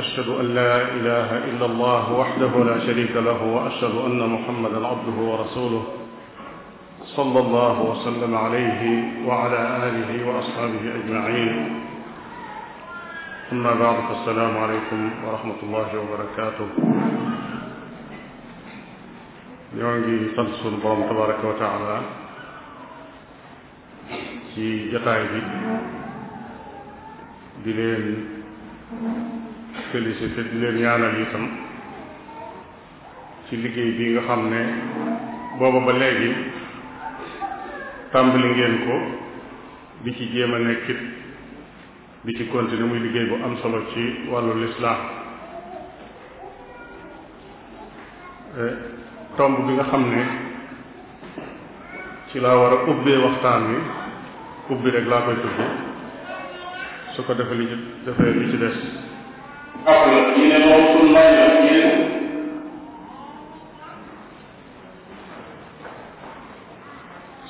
واشهد ان لا اله الا الله وحده لا شريك له واشهد ان محمدا عبده ورسوله صلى الله وسلم عليه وعلى اله واصحابه اجمعين اما بعد فالسلام عليكم ورحمه الله وبركاته ñoo ngi sant sunu borom tabaraka wa taala ci jataay bi di leen félicité di leen ñaanal itam ci liggéey bi nga xam ne booba ba léegi tàmbali ngeen ko di ci jéem a nekkit di ci continuer muy liggéey bu am solo ci wàllu lislaam eh, tomb bi nga xam ne ci laa war a ubbee waxtaan wi ubbi rek laa koy tudd su ko defee li ci defee li ci des ab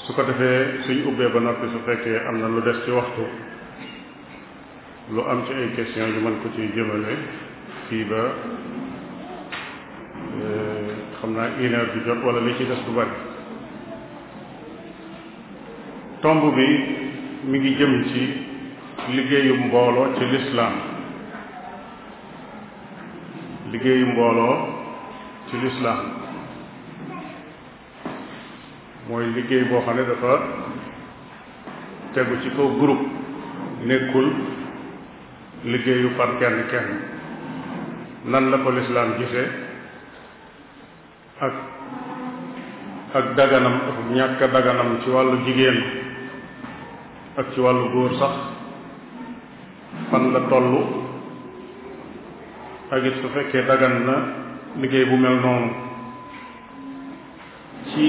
su ko defee suñ ubbee ba noppi su fekkee am na lu des ci waxtu lu am ci ay question yu man ko ci jëmale fii ba eh, xam naa une bi jot wala li ci des du bari tomb bi mu ngi jëm ci liggéeyu mbooloo ci lislaam liggéeyu mbooloo ci lislaam mooy liggéey boo xam ne dafa tegu ci kaw groupe nekkul liggéeyu par kenn kenn nan la ko lislaam gisee ak ak daganam ak ñàkk a daganam ci wàllu jigéen ak ci wàllu góor sax fan la tollu ak it fekkee dagan na liggéey bu mel noonu ci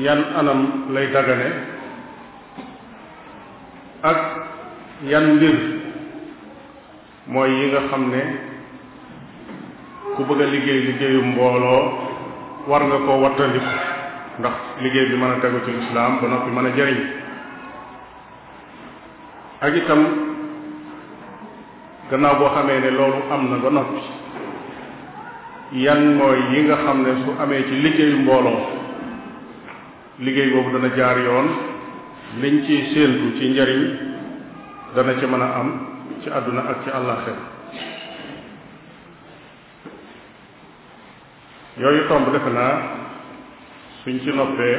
yan anam lay dagane ak yan mbir mooy yi nga xam ne ku bëgg a liggéey liggéeyu mbooloo war nga koo wattandiku ndax liggéey bi mën a tegu ci lislaam ba noppi mën a jariñ ak itam gannaaw boo xamee ne loolu am na ba noppi yan mooy yi nga xam ne su amee ci liggéeyu mbooloo liggéey boobu dana jaar yoon liñ ci séentu ci njariñ dana ci mën a am ci àdduna ak ci àllaaxira yooyu tomb defe naa suñ ci noppee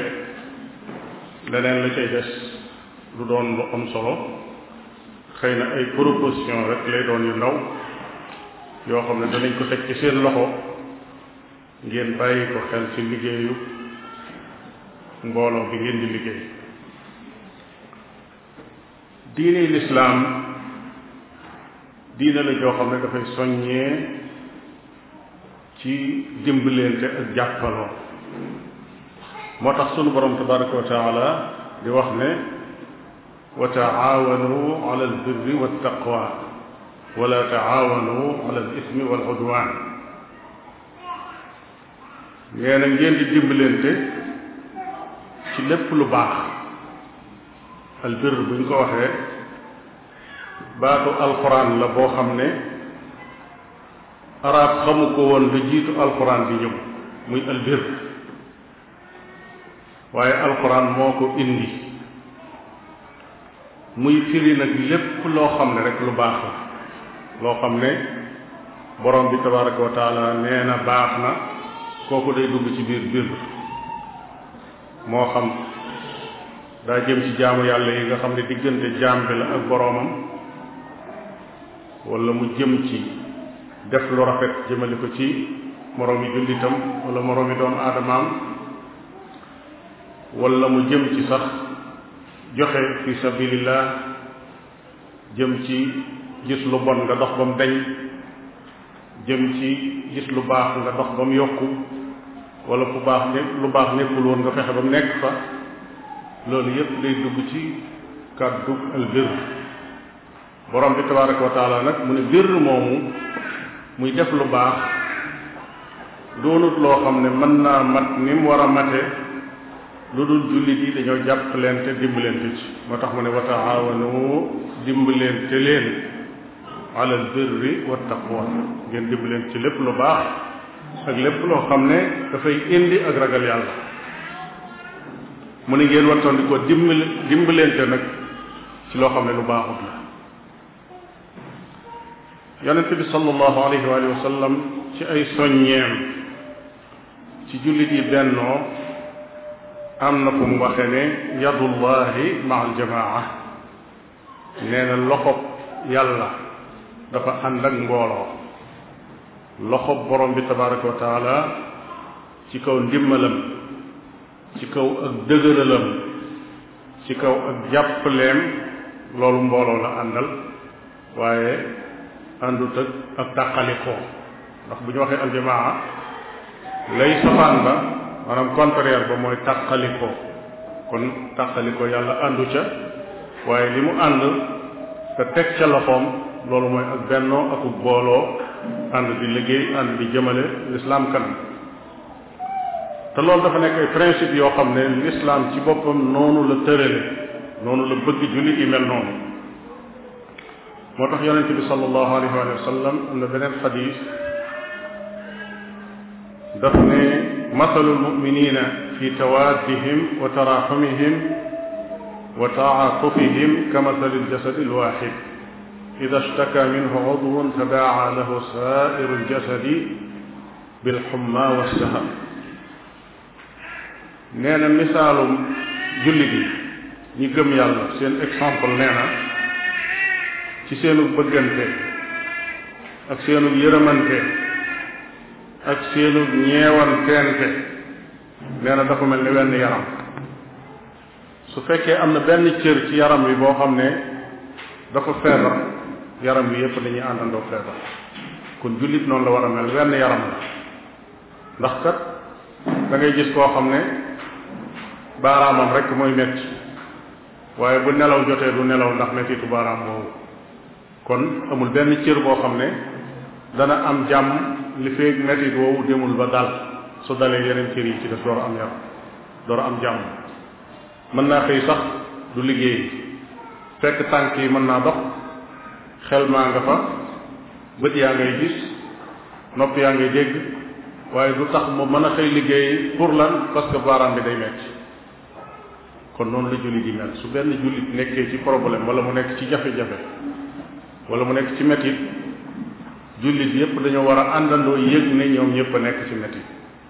leneen la cay des lu doon lu am solo xëy na ay proposition rek lay doon yu ndaw yoo xam ne danañ ko teg ci seen loxo ngeen bàyyi ko xel ci liggéeyu mbooloo bi ngeen di liggéey diine lislaam diine la joo xam ne dafay soññee ci dimbalante ak jàppaloo moo tax sunu borom tabaraka wa taala di wax ne wa taawanu ala albirri waltaqwa wala taawanu ala nee na ngeen di dimbalante ci lépp lu baax albir buñ ko waxee baatu alquran la boo xam ne arab xamu ko woon lu jiitu alquran di ñëw muy albir waaye alquran moo ko indi muy firi nag lépp loo xam ne rek lu baax la loo xam ne borom bi tabaraka wa taala nee na baax na kooku day dugg ci biir biir moo xam daa jëm ci jaamu yàlla yi nga xam ne diggante jaam bi la ak boroomam wala mu jëm ci def lu rafet jëmale ko ci moroomi jullitam wala moroomi doomu aadamaam wala mu jëm ci sax joxe fi sabilillah jëm ci gis lu bon nga dox ba mu jëm ci gis lu baax nga dox ba mu yokku wala baax ne lu baax nekkul woon nga fexe ba mu nekk fa loolu yépp day dugg ci kàddu al borom bi tabaraka wa nag mu ne bir moomu muy def lu baax doonut loo xam ne mën naa mat ni mu war a mate lu dul jullit yi dañoo leen dimbalante ci moo tax mu ne wa taawanu dimbalante leen alal birri wa taqwa ngeen dimbalante ci lépp lu baax ak lépp loo xam ne dafay indi ak ragal yàlla mu ne ngeen wattoon di ko dimbal dimbalante nag ci loo xam ne lu baaxut la yonent bi sallallahu alayhi wa sallam ci ay soññeem ci jullit yi bennoo am na fu mu waxee ne yadullahi ma aljamaa nee na loxob yàlla dafa ànd ak mbooloo loxob borom bi tabaraka wa taala ci kaw ndimbalam ci kaw ak dëgëralam ci kaw ak jàppaleem loolu mbooloo la àndal waaye àndut ak ak tàqalikoo ndax bu ñu waxee aljamaa lay safaan ba maanaam contraire ba mooy tàqaliko kon tàqaliko yàlla àndu ca waaye li mu ànd te teg ca loxoom loolu mooy ak bennoo ak booloo ànd di liggéey ànd di jëmale lislaam kanam te loolu dafa nekk ay principe yoo xam ne lislaam ci boppam noonu la tërale noonu la bëgg jullit yi mel noonu moo tax yonent bi sallallahu alayhi wa sallam am na beneen xadiis daf ne masalul muminina fi tawaddihim wa taraxumihim wa taatufihim ka masali ljasadi alwaxid ida ashtaka minhu udwun tadaaca lahu sairu ljasadi bilxumma walsahar nee na misaalum jullit yi ñi gëm yàlla seen exemple nee na ci seenu bëggante ak seenu yërëmante ak seenu ñeewantente nee na dafa mel ni wenn yaram su fekkee am na benn cër ci yaram wi boo xam ne dafa feebar yaram wi yépp dañuy àndandoo feebar kon jullit noonu la war a mel wenn yaram la ndax kat da gis koo xam ne baaraamam rek mooy metti waaye bu nelaw jotee du nelaw ndax mettitu baaraam woowu kon amul benn cër boo xam ne dana am jàmm li feeg metit woowu demul ba daal su dalee yeneen cër yi ci def door am yar door am jàmm mën naa xëy sax du liggéey fekk tànk yi mën naa dox xel maa nga fa bët yaa ngay gis nopp yaa ngay dégg waaye du tax mu mën a xëy liggéey pour lan parce que baaraam bi day metti kon noonu la jullit yi mel su benn jullit nekkee ci problème wala mu nekk ci jafe-jafe wala mu nekk ci metit jullit yépp dañoo war a àndandoo yëg ne ñoom ñëpp a nekk ci métti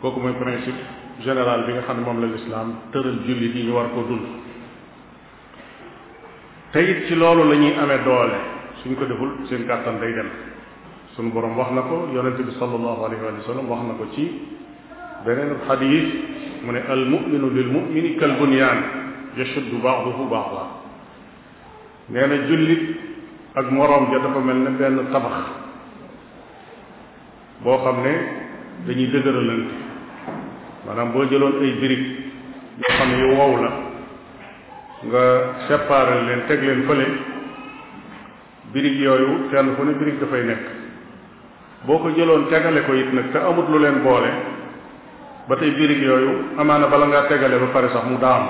kooku mooy principe général bi nga xam ne moom la lislaam tëral jullit yi ñu war ko dund te it ci loolu la ñuy amee doole suñ ko deful seen kàttan day dem suñu borom wax na ko yonent bi sallallahu alayhi wa sallam wax na ko ci beneen xadiis mu ne al muminu lil mumini kal bunyaan yashuddu baaduhu baax nee na jullit ak moroom ja dafa mel ne benn tabax boo xam ne dañuy dëgëralante maanaam boo jëloon ay birig yoo xam ne yu wow la nga séparer leen teg leen fële birig yooyu kenn ko ne birig dafay nekk boo ko jëloon tegale ko it nag te amut lu leen boole ba tey birig yooyu amaana bala ngaa tegale ba pare sax mu daam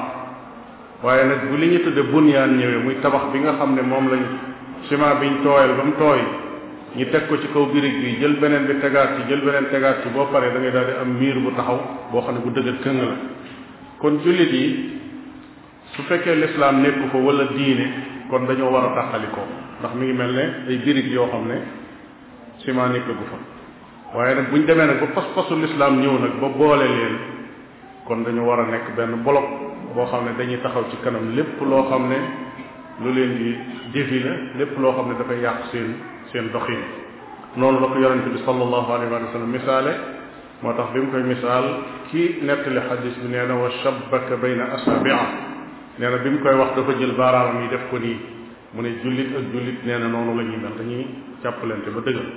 waaye nag bu li ñu tudde yaan ñëwee muy tabax bi nga xam ne moom lañ bi biñ tooyal ba mu tooy ñu teg ko ci kaw birig bi jël beneen bi tegaat ci jël beneen tegaat ci boo paree da ngay am miir bu taxaw boo xam ne bu dëgër këng la kon jullit yi su fekkee lislaam nekk ko wala diine kon dañoo war a tàqalikoo ndax mu ngi mel ne ay birig yoo xam ne ciment nekk gu fa waaye nag buñ demee nag ba pas-pasu lislaam ñëw nag ba boole leen kon dañu war a nekk benn bloc boo xam ne dañuy taxaw ci kanam lépp loo xam ne lu leen di défi lépp loo xam ne dafay yàq seen seen doxin noonu la ko yonente bi sallallahu alayhi wa sallam misaale moo tax bi mu koy misaal kii nettali xadis bi nee na wa shabbaka bayna asaabia nee na bi mu koy wax dafa jël baaraamam yi def ko nii mu ne jullit ak jullit nee na noonu la ñuy mel dañuy jàppalante ba dëggal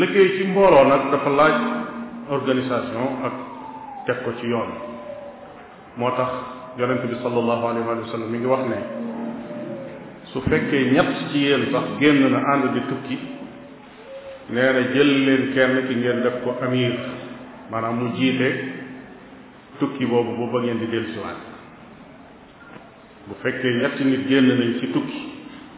liggéey ci mbooloo nag dafa laaj organisation ak teg ko ci yoon moo tax yonente bi sallallahu alayhi wa sallam mi ngi wax ne su fekkee ñett ci yéen sax génn na ànd di tukki nee na jël leen kenn ki ngeen def ko amir maanaam mu jiite tukki boobu bu ba ngeen di dellusiwaat bu fekkee ñetti nit génn nañ ci tukki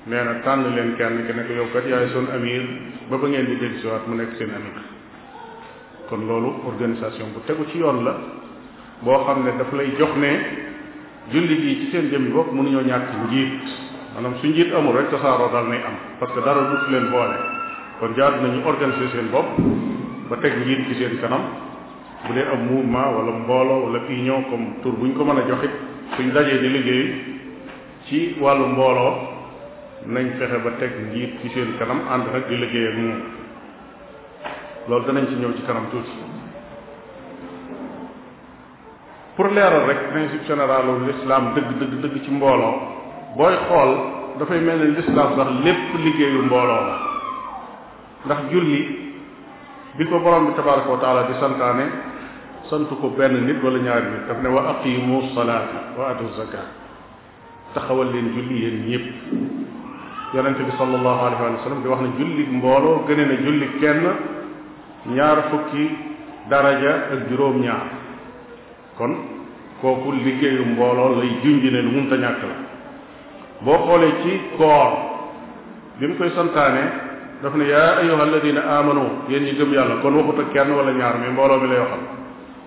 nee na tànn leen kenn ki ne ko yow kat yaay son amir ba ba ngeen di dellusiwaat mu nekk seen amir kon loolu organisation bu tegu ci yoon la boo xam ne daf lay jox ne jullit yi ci seen jëmmi bopp mënuñoo ñàkk njiit maanaam su njiit amul rek tasaaroo daal nay am parce que dara dut leen boole kon jaar nañu organiser seen bopp ba teg njiit ci seen kanam bu dee am mouvement wala mbooloo wala union comme tur buñ ko mën a joxit suñ dajee di liggéey ci wàllu mbooloo nañ fexe ba teg njiit ci seen kanam ànd nag di liggéey ak moom loolu danañ ci ñëw ci kanam tuuti pour leeral rek principe général wu l'islam dëgg dëgg dëgg ci mbooloo booy xool dafay mel ni lislaam sax lépp liggéeyu mbooloo la ndax julli bi ko borom bi tabaraka wa di santaane sant ko benn nit wala ñaar nit daf ne wa aqimu salaata wa atu zakat taxawal leen julli yéen ñëpp yonente bi sallallahu alayhi wax ne julli mbooloo gëne na julli kenn ñaar fukki daraja ak juróom-ñaar kon kooku liggéeyu mbooloo lay junj ne lu munta ñàkk la boo xoolee ci koor bi mu koy santaane daf ne yaa ayyuha alladina amanu yéen ñi gëm yàlla kon waxut ak kenn wala ñaar mais mbooloo mi lay waxal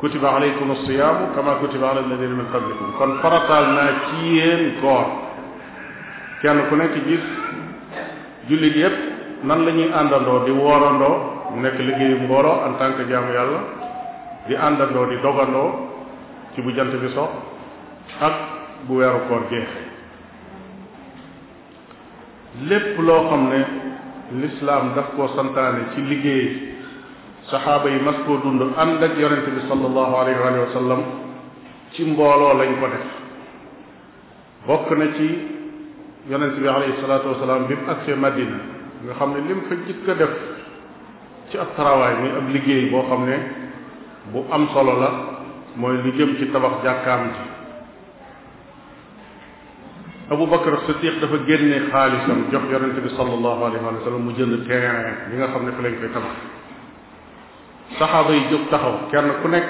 kutiba alaykum asiyaamu kama kutiba ala alladina min qablikum kon farataal naa ci yéen koor kenn ku nekk gis jullit yépp nan la àndandoo di woorandoo mu nekk liggéeyu mbooloo en tant que jaamu yàlla di àndandoo di dogandoo ci bu jant bi sox ak bu weeru koor jeexee lépp loo xam ne lislaam daf koo santaane ci liggéey saxaaba yi mas koo dund ànd ak yonente bi sallallahu alayhi wa sallam ci mbooloo lañu ko def bokk na ci yonente bi alayhi salaatu wasalaam bi mu nga xam ne lim fa jëkk def ci ab travail muy ab liggéey boo xam ne bu am solo la mooy lu jëm ci tabax jàkkaam ji Abu Bakar Siddiq dafa génne xaalisam jox yonente bi sallallahu alayhi wa sallam mu jënd terrain bi nga xam ne fi lañ koy tabax saxaaba yi jóg taxaw kenn ku nekk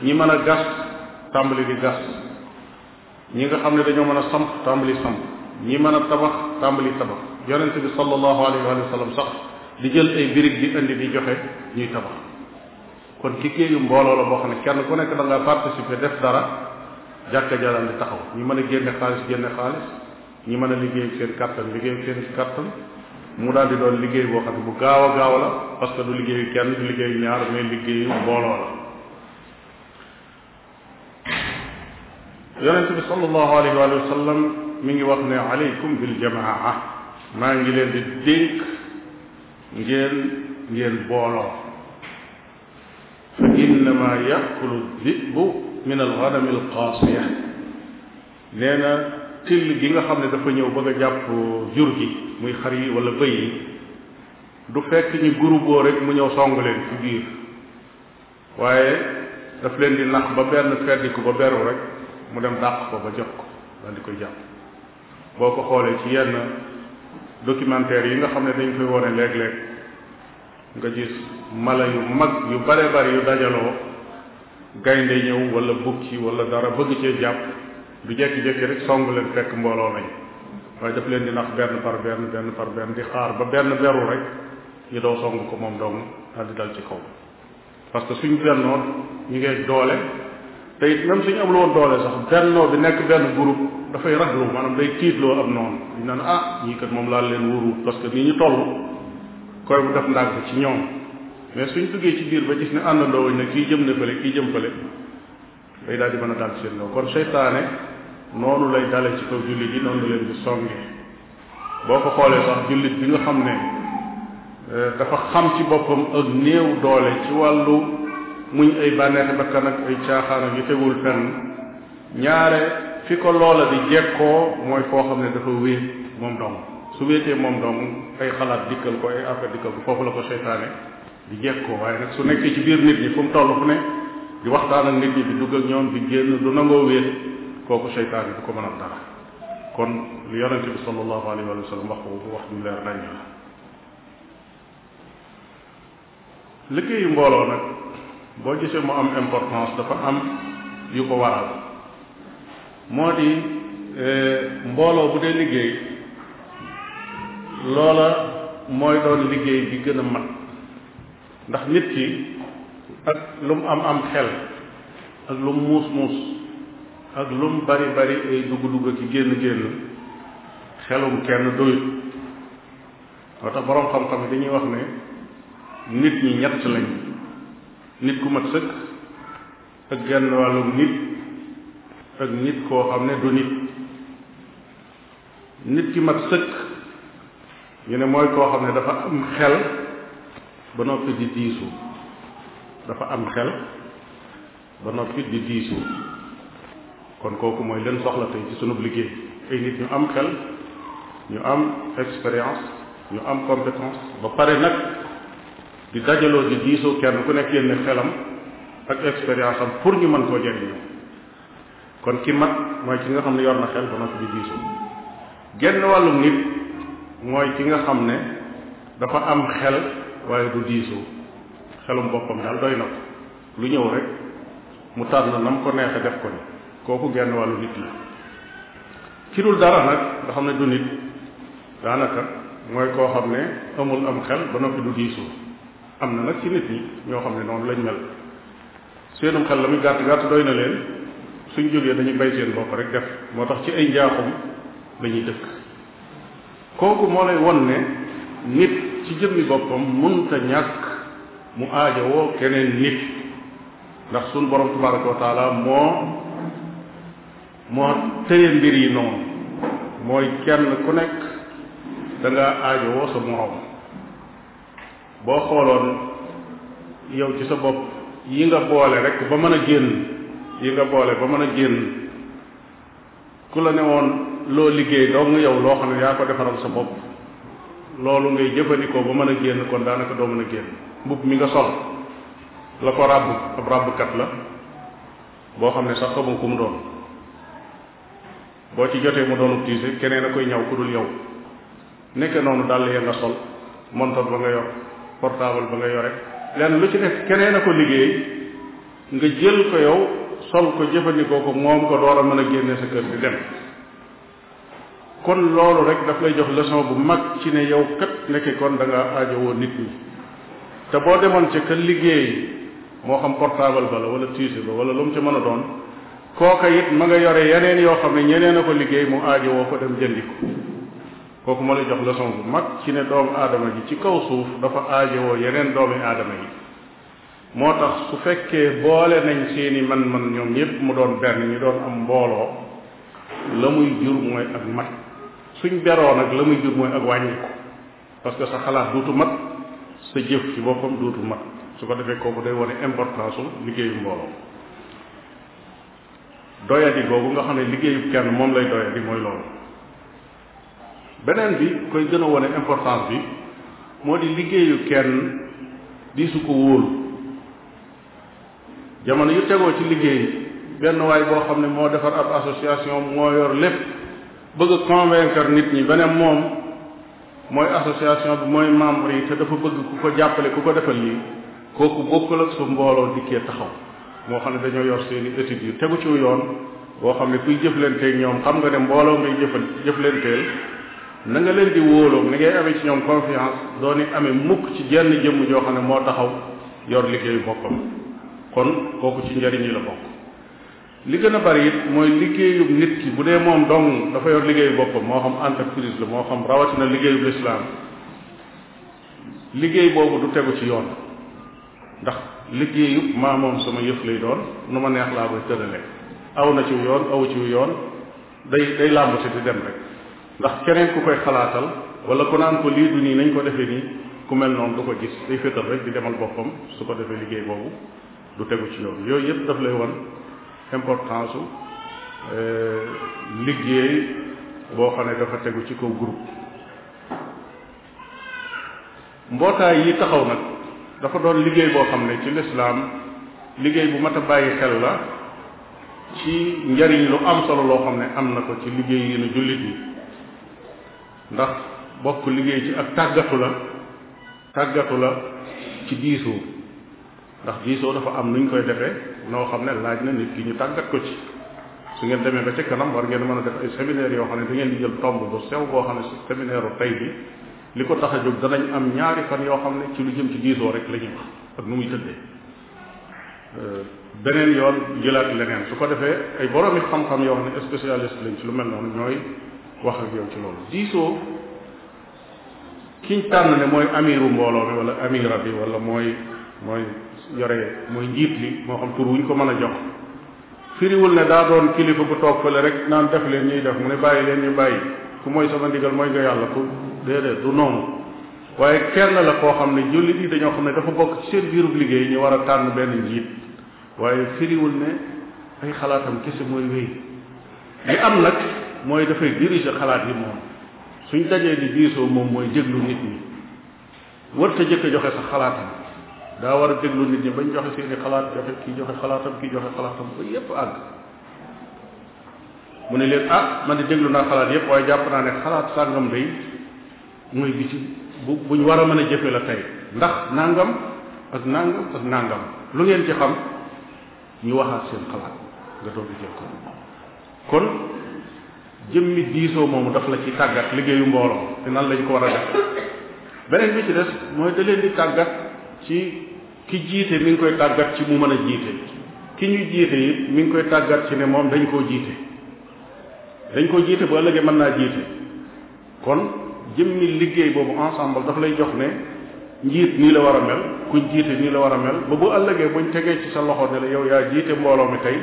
ñi mën a gas tàmbali di gas ñi nga xam ne dañoo mën a samp tàmbali samp ñi mën a tabax tàmbali tabax yonente bi sallallahu alayhi wa sallam sax di jël ay birig di indi di joxe ñuy tabax kon ki kéeyu mbooloo la boo xam ne kenn ku nekk da nga participer def dara jàkka jaaraan taxaw ñi mën a génne xaalis génne xaalis ñi mën a liggéey seen kàttan liggéey seen mu daal di doon liggéey boo xam ne bu gaaw a gaaw la parce du liggéeyu kenn du liggéeyu ñaar mais liggéeyu mbooloo la yonent bi sallallahu alayhi wa sallam mi ngi wax ne maa ngi leen di dénk ngeen ngeen booloo fa innama yakulu dibu min al ghanam al qaasiya na till gi nga xam ne dafa ñëw bëgg a jàpp jur gi muy xar yi wala bëy yi du fekk ñu guruboo rek mu ñëw song leen ci biir waaye dafa leen di nax ba benn feddiku ba beru rek mu dem dàq ko ba jot ko daal di koy jàpp boo ko xoolee ci yenn documentaire yi nga xam ne dañ koy wone léeg-léeg nga gis mala yu mag yu bare bare yu dajaloo gaynde ñëw wala bukki wala dara bëgg cee jàpp du jekki-jekki rek song leen fekk mbooloo nañ waaye def leen di nax benn par benn benn par benn di xaar ba benn beru rek ñu doo song ko moom dong daal di dal ci kaw parce que suñ bennoon ñu ngi doole te it même suñu amul doole sax bennoo bi nekk benn group dafay raglu maanaam day tiitloo ab noonu ñu naan ah ñii kat moom laal leen wóoruwut parce que ñu toll koy bu def ndànk ci ñoom mais suñ duggee ci biir ba gis ne àndandoo wuñ ne kii jëm na fële kii jëm fële day daal di mën a daal seen kaw kon seytaane noonu lay dale ci kaw jullit yi noonu leen di songe boo ko xoolee sax jullit bi nga xam ne euh, dafa xam ci boppam ak néew doole ci wàllu muñ ay bànneexi bakkan ak ay caaxaan ak yu tegul fenn ñaare fi ko loola di jekkoo mooy koo xam ne dafa wéet moom dong su wéetee moom dong ay xalaat dikkal ko ay affaire dikkal ko foofu la ko seytaane di ko waaye nag su nekkee ci biir nit ñi fu mu toll fu ne di waxtaan ak nit ñi di dugg ak ñoom di génn du nangoo wéet kooku seytaan yi du ko mënal dara kon li yonente bi sallallahu ko wax ñu leer nañ liggéeyu mbooloo nag boo gisee mu am importance dafa am yu ko waral moo di eh, mbooloo bu dee liggéey loola mooy doon liggéey bi gën a mat ndax nit ki ak lu mu am am xel ak lu mu muus muus ak lu mu bari bari ay dugg-dugg ci génn génn xelum kenn doyut moo tax boroom xam-xam yi dañuy wax ne nit ñi ñett lañ nit ku mat sëkk ak genn wàllum nit ak nit koo xam ne du nit nit ki mat sëkk ñu ne mooy koo xam ne dafa am xel ba noppi di diisu dafa am xel ba noppi di diisu kon kooku mooy leen soxla tey ci sunub liggéey ay nit ñu am xel ñu am expérience ñu am compétence ba pare nag di dajaloo di diisoo kenn ku nekk yenn xelam ak expérience am pour ñu mën koo jëriñoo kon ki mat mooy ki nga xam ne yor na xel ba noppi di diisoo genn wàllum nit mooy ki nga xam ne dafa am xel waaye du diisoo xelum boppam daal doy na ko lu ñëw rek mu tànn nam ko neexe def ko ni kooku genn wàllu nit la ci dara nag nga xam ne du nit daanaka mooy koo xam ne amul am xel ba noppi du diisoo am na nag ci nit ñi ñoo xam ne noonu lañ mel seenum xel la muy gàtt gàtt doy na leen suñ jógee dañuy bay seen bopp rek def moo tax ci ay njaaxum lañuy dëkk kooku moo lay won ne nit ci jëmmi boppam munta ñàkk mu aajowoo keneen nit ndax sunu borom tabaraka wa moo moo tëye mbir yi noonu mooy kenn ku nekk da ngaa aajowoo sa morom boo xooloon yow ci sa bopp yi nga boole rek ba mën a génn yi nga boole ba mën a génn ku la ne woon loo liggéey dong yow loo xam ne yaa ko defaral sa bopp loolu ngay jëfandikoo ba mën a génn kon daanaka doo mën a génn mbubb mi nga sol la ko ràbb ab ràbbkat la boo xam ne sax xamoo ku mu doon boo ci jotee mu doonub tiise keneen a koy ñaw ku dul yow nekke noonu dàll ya nga sol montor ba nga yor portaabal ba nga yor rek lenn lu ci nekk keneen a ko liggéey nga jël ko yow sol ko jëfandikoo ko moom ko door a mën a génne sa kër di dem kon loolu rek daf lay jox leçon bu mag ci ne yow kat nekk kon da ngaa aajowoo nit ñi te boo demoon ca ka liggéey moo xam portable ba la wala tiise ba wala lu mu ca mën a doon kooka it ma yore yeneen yoo xam ne ñeneen ko liggéey mu aajowoo ko dem jëndi ko kooku moo lay jox leçon bu mag ci ne doomu aadama ji ci kaw suuf dafa woo yeneen doomi aadama yi moo tax su fekkee boole nañ seeni man-man ñoom ñëpp mu doon benn ñu doon am mbooloo la muy jur mooy ak mat suñ beroo nag la muy jur mooy ak wàññiku parce que sa xalaat duutu mat sa jëf ci boppam duutu mat su ko defee kooku day wone importance u liggéeyu mbooloo doyadi googu nga xam ne liggéeyu kenn moom lay doyadi mooy loolu beneen bi koy gën a wane importance bi moo di liggéeyu kenn di ko wóolu jamono yu tegoo ci liggéey benn waay boo xam ne moo defar ab association moo yor lépp bëgg a convaincre nit ñi beneen moom mooy association bi mooy membre yi te dafa bëgg ku ko jàppale ku ko defal lii kooku bokkul ak su mbooloo dikkee taxaw moo xam ne dañoo yor seeni i études yu tegu ci yoon boo xam ne kuy jëflanteeg ñoom xam nga ne mbooloo ngay jëfal jëflanteel na nga leen di wóoloo ni ngay amee ci ñoom confiance doo yi amee mukk ci jenn jëmm joo xam ne moo taxaw yor liggéeyu boppam kon kooku ci njariñ yi la bokk li gën a bari it mooy liggéeyub nit ki bu dee moom dong dafa yor liggéeyu boppam moo xam entreprise la moo xam rawatina liggéeyub lislaam liggéey boobu du tegu ci yoon ndax liggéeyub maa moom sama yëf lay doon nu ma neex laa koy tërale aw na ci yoon aw ci yoon day day làmbati di dem rek ndax keneen ku koy xalaatal wala ku naan ko lii du nii nañ ko defee nii ku mel noonu du ko gis day féetal rek di demal boppam su ko defee liggéey boobu du tegu ci yoon yooyu yëpp daf lay wan importance su euh, liggéey boo xam ne dafa tegu ci kaw groupe mbootaay yi taxaw nag dafa doon liggéey boo xam ne ci lislaam liggéey bu mat a bàyyi xel la ci njariñ lu am solo loo xam ne am na ko ci liggéey yi nu jullit yi ndax bokk liggéey ci ak tàggatu la tàggatu la ci diisoo ndax diisoo dafa am ñu koy defee noo xam ne laaj na nit ki ñu tàggat ko ci su ngeen demee ba ci kanam war ngeen mën a def ay séminaire yoo xam ne da ngeen di jël tomb bu sew boo xam ne si séminaire tey bi li ko tax a jóg danañ am ñaari fan yoo xam ne ci lu jëm ci diisoo rek la ñuy wax ak nu muy tëddee euh, beneen yoon jëlaat leneen su ko defee ay boroomi xam-xam yoo xam ne spécialiste lañ ci lu mel noonu ñooy wax ak yow ci loolu diisoo kiñ tànn ne mooy amiru mbooloo mi wala amira bi walla mooy mooy yore mooy njiit li moo xam tur wuñ ko mën a jox firiwul ne daa doon kilifa bu toog rek naan def leen ñuy def mu ne bàyyi leen ñu bàyyi ku mooy sama ndigal mooy nga yàlla ku déedéet du noonu waaye kenn la koo xam ne jullit yi dañoo xam ne dafa bokk ci seen biirub liggéey ñu war a tànn benn njiit waaye firiwul ne ay xalaatam kese mooy wéy li am nag mooy dafay diriger xalaat yi moom suñ dajee di diisoo moom mooy jéglu nit ñi wër ta jëkk joxe sa xalaatam daa war a déglu nit ñi bañ joxe seeni xalaat joxe kii joxe xalaatam kii joxe xalaatam ba yépp àgg mu ne leen ah man di déglu naa xalaat yépp waaye jàpp naa ne xalaat sàngam day muy bi ci bu buñ war a mën a jëfe la tey ndax nàngam ak nàngam ak nàngam lu ngeen ci xam ñu waxaat seen xalaat nga doog jël ko kon jëmmi diisoo moomu daf la ci tàggat liggéeyu mbooloo te nan lañ ko war a def beneen bi ci des mooy da leen di tàggat ci ki jiite mi ngi koy tàggat ci mu mën a jiite ki ñu jiite it mi ngi koy tàggat ci ne moom dañ koo jiite dañ koo jiite bu ëllëgee mën naa jiite kon jëmmi liggéey boobu ensemble daf lay jox ne njiit nii la war a mel kuñ jiite nii la war a mel ba bu ëllëgee buñ tegee ci sa loxo ne la yow yaa jiite mbooloo mi tey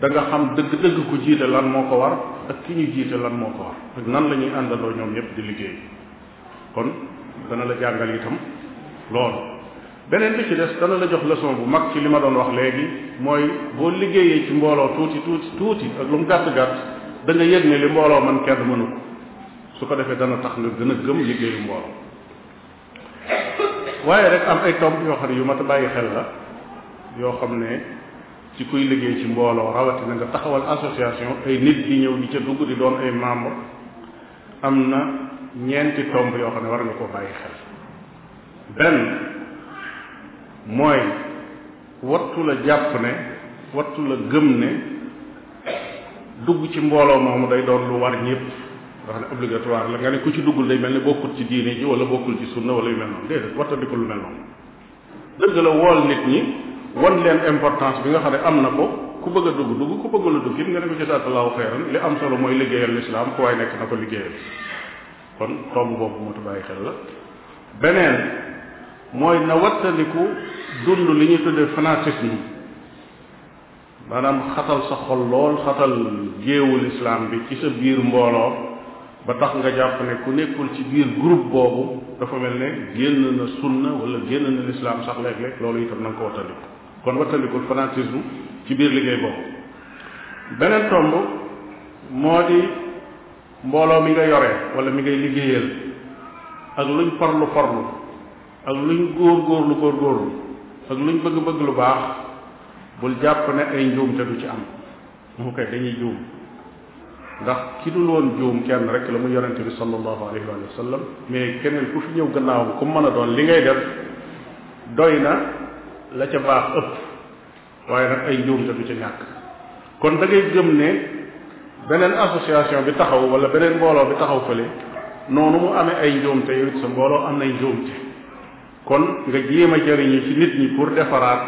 danga nga xam dëgg-dëgg ku jiite lan moo ko war ak ki ñu jiite lan moo ko war ak nan la ñuy àndandoo ñoom ñëpp di liggéey kon dana la jàngal itam beneen bi ci des dana la jox leçon bu mag ci li ma doon wax léegi mooy boo liggéeyee ci mbooloo tuuti tuuti tuuti ak lu mu gàtt gàtt da yëg ne li mbooloo man kenn mënu ko su ko defee dana tax nga gën a gëm liggéeyu mbooloo waaye rek am ay tomb yoo xam ne yu mat a bàyyi xel la yoo xam ne ci kuy liggéey ci mbooloo rawatina nga taxawal association ay nit di ñëw di ca dugg di doon ay membre am na ñeenti tomb yoo xam ne war nga koo bàyyi xel benn mooy wattu la jàpp ne wattu la gëm ne dugg ci mbooloo moomu day doon lu war ñëpp nga xam ne obligatoire la nga ne ku ci duggul day mel ne bokkul ci diine ji wala bokkul ci sunna wala yu mel noonu déedéet wattandiku lu mel noonu dëgg la wool nit ñi wan leen importance bi nga xam ne am na ko ku bëgg a dugg dugg ku bëggul a dugg it nga ne ko jazakallahu xeyran li am solo mooy liggéeyal lislaam ku waaye nekk na ko liggéeyal kon tomb boobu moo ta bàyyi mooy na wattandiku dund li ñuy tuddee fanatisme maanaam xatal sa xol lool xatal géewul islam bi ci sa biir mbooloo ba tax nga jàpp ne ku nekkul ci biir groupe boobu dafa mel ne génn na sunna wala génn na lislaam sax léeg-léeg loolu itam na nga ko wattandiku kon wattandikul fanatisme ci biir liggéey boobu beneen tomb moo di mbooloo mi nga yore wala mi ngay liggéeyal ak luñ farlu farlu ak luñ góor góorlu góor góorlu ak luñ bëgg bëgg lu baax bul jàpp ne ay njuum te du ci am mu koy dañuy juum ndax ki du woon juum kenn rek la mu yonente bi sallallahu alayhi wa sallam mais keneen ku fi ñëw gannaawam ku mën a doon li ngay def doy na la ca waaye nag ay njuum te du ca ñàkk kon da ngay gëm ne beneen association bi taxaw wala beneen mbooloo bi taxaw fële noonu mu amee ay njuumte te it sa mbooloo am nay njuumte kon nga jéem a jariñu ci nit ñi pour defaraat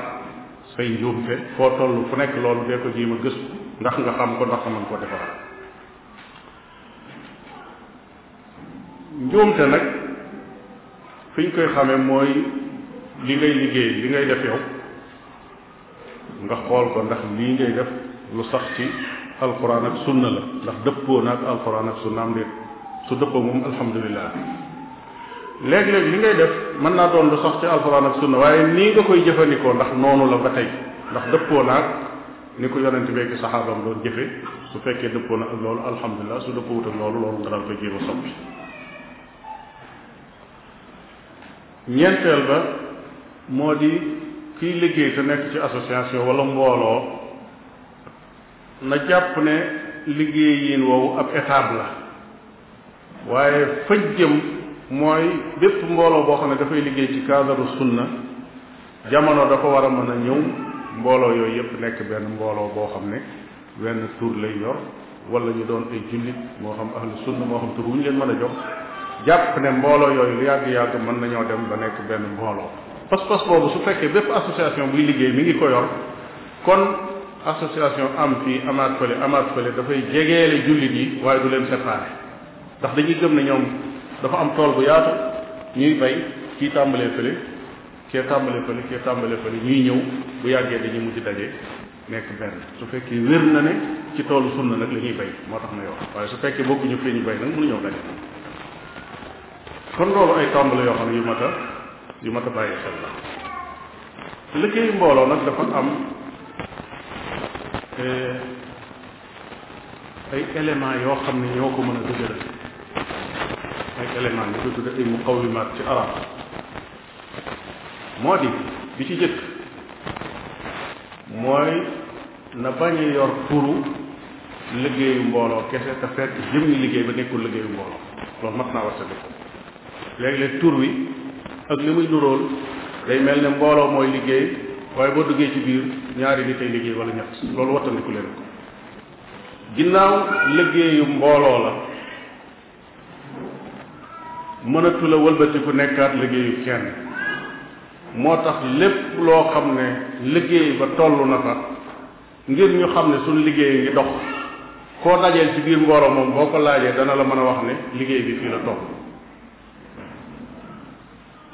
say njuumte foo toll fu nekk loolu dee ko jéem a gëstu ndax nga xam ko ndax nga mën koo defaraat njuumte nag fi ñu koy xamee mooy li ngay liggéey li ngay def yow nga xool ko ndax lii ngay def lu sax ci alquran ak sunna la ndax dëppoo na ak alquran ak sunna am déet su dëppoo moom alhamdulilah léeg-léeg li ngay def mën naa doon lu sax ci alxuraan ak sunna waaye nii nga koy jëfandikoo ndax noonu la ba tey ndax dëppoo naag ni ko yonent beeki saxaabam doon jëfe su fekkee dëppoo na ak loolu alhamdulilah su dëppoowut ak loolu loolu nga daal ko jéem a soppi ñeenteel ba moo di kiy liggéey te nekk ci association wala mbooloo na jàpp ne liggéey yiin woowu ab étape la waaye fëj jëm mooy bépp mbooloo boo xam ne dafay liggéey ci cadre sunna jamono dafa war a mën a ñëw mbooloo yooyu yëpp nekk benn mbooloo boo xam ne wenn tur lay yor wala ñu doon ay jullit moo xam ahlu sunna moo xam tur wu ñu leen mën a jox jàpp ne mbooloo yooyu lu yàgg yàgg mën nañoo dem ba nekk benn mbooloo pas-pas boobu su fekkee bépp association buy liggéey mi ngi ko yor kon association am fii amaat fële amaat fële dafay jegeele jullit yi waaye du leen séparé ndax dañuy gëm ne ñoom dafa am tool bu yaatu ñuy bay kii tàmbalee fële kee tàmbalee fële kee tàmbalee fële ñuy ñëw bu yàggee dañuy mujj daje nekk benn su fekkee wér na ne ci toolu sunna nag la ñuy bay moo tax may waaye su fekkee bokkuñu fii ñu bay nag mënu ñëw daje ay tàmbale yoo xam ne yu mat a yu mat a bàyyi xel mbooloo nag dafa am eh, ay éléments yoo xam ne ñoo ko mën a dëgëral ay élément ñu koy tudde ay muqawimaat ci arab moo di bi ci jëkk mooy na bañ yor turu liggéeyu mbooloo kese te fekk jëmmi liggéey ba nekkul liggéeyu mbooloo loolu mat naa war sa dëkk léeg-léeg tur wi ak li muy nuróol day mel ne mbooloo mooy liggéey waaye boo duggee ci biir ñaari nit ay liggéey wala ñett loolu wattandiku leen ko ginnaaw liggéeyu mbooloo la mënatu la wëlbatiku nekkaat liggéeyu kenn moo tax lépp loo xam ne liggéey ba toll na fa ngir ñu xam ne suñ liggéey ngi dox ko dajeel ci biir mbooloo moom boo ko laajee dana la mën a wax ne liggéey bi fii la toll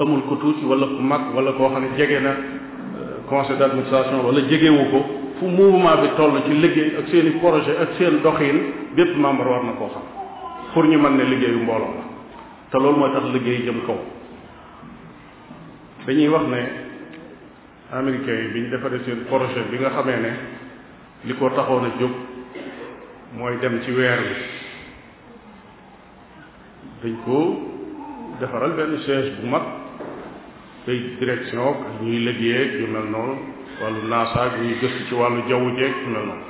amul ko tuuti wala ku mag wala koo xam ne jege na euh, conseil d'administration wala jegewu ko fu mouvement bi toll ci liggéey ak seen i projet ak seen doxin bépp membre war na koo xam pour ñu mën ne liggéeyu mbooloo la te loolu mooy tax liggéey jëm kaw dañuy wax ne américain yi bi defaree seen projet bi nga xamee ne li ko taxoon a jóg mooy dem ci weer bi dañ ko defaral benn siège bu mag day direction ak ñuy liggéey yu mel noonu wàllu NASA ak ñuy ci wàllu jaww jeeg yu mel noonu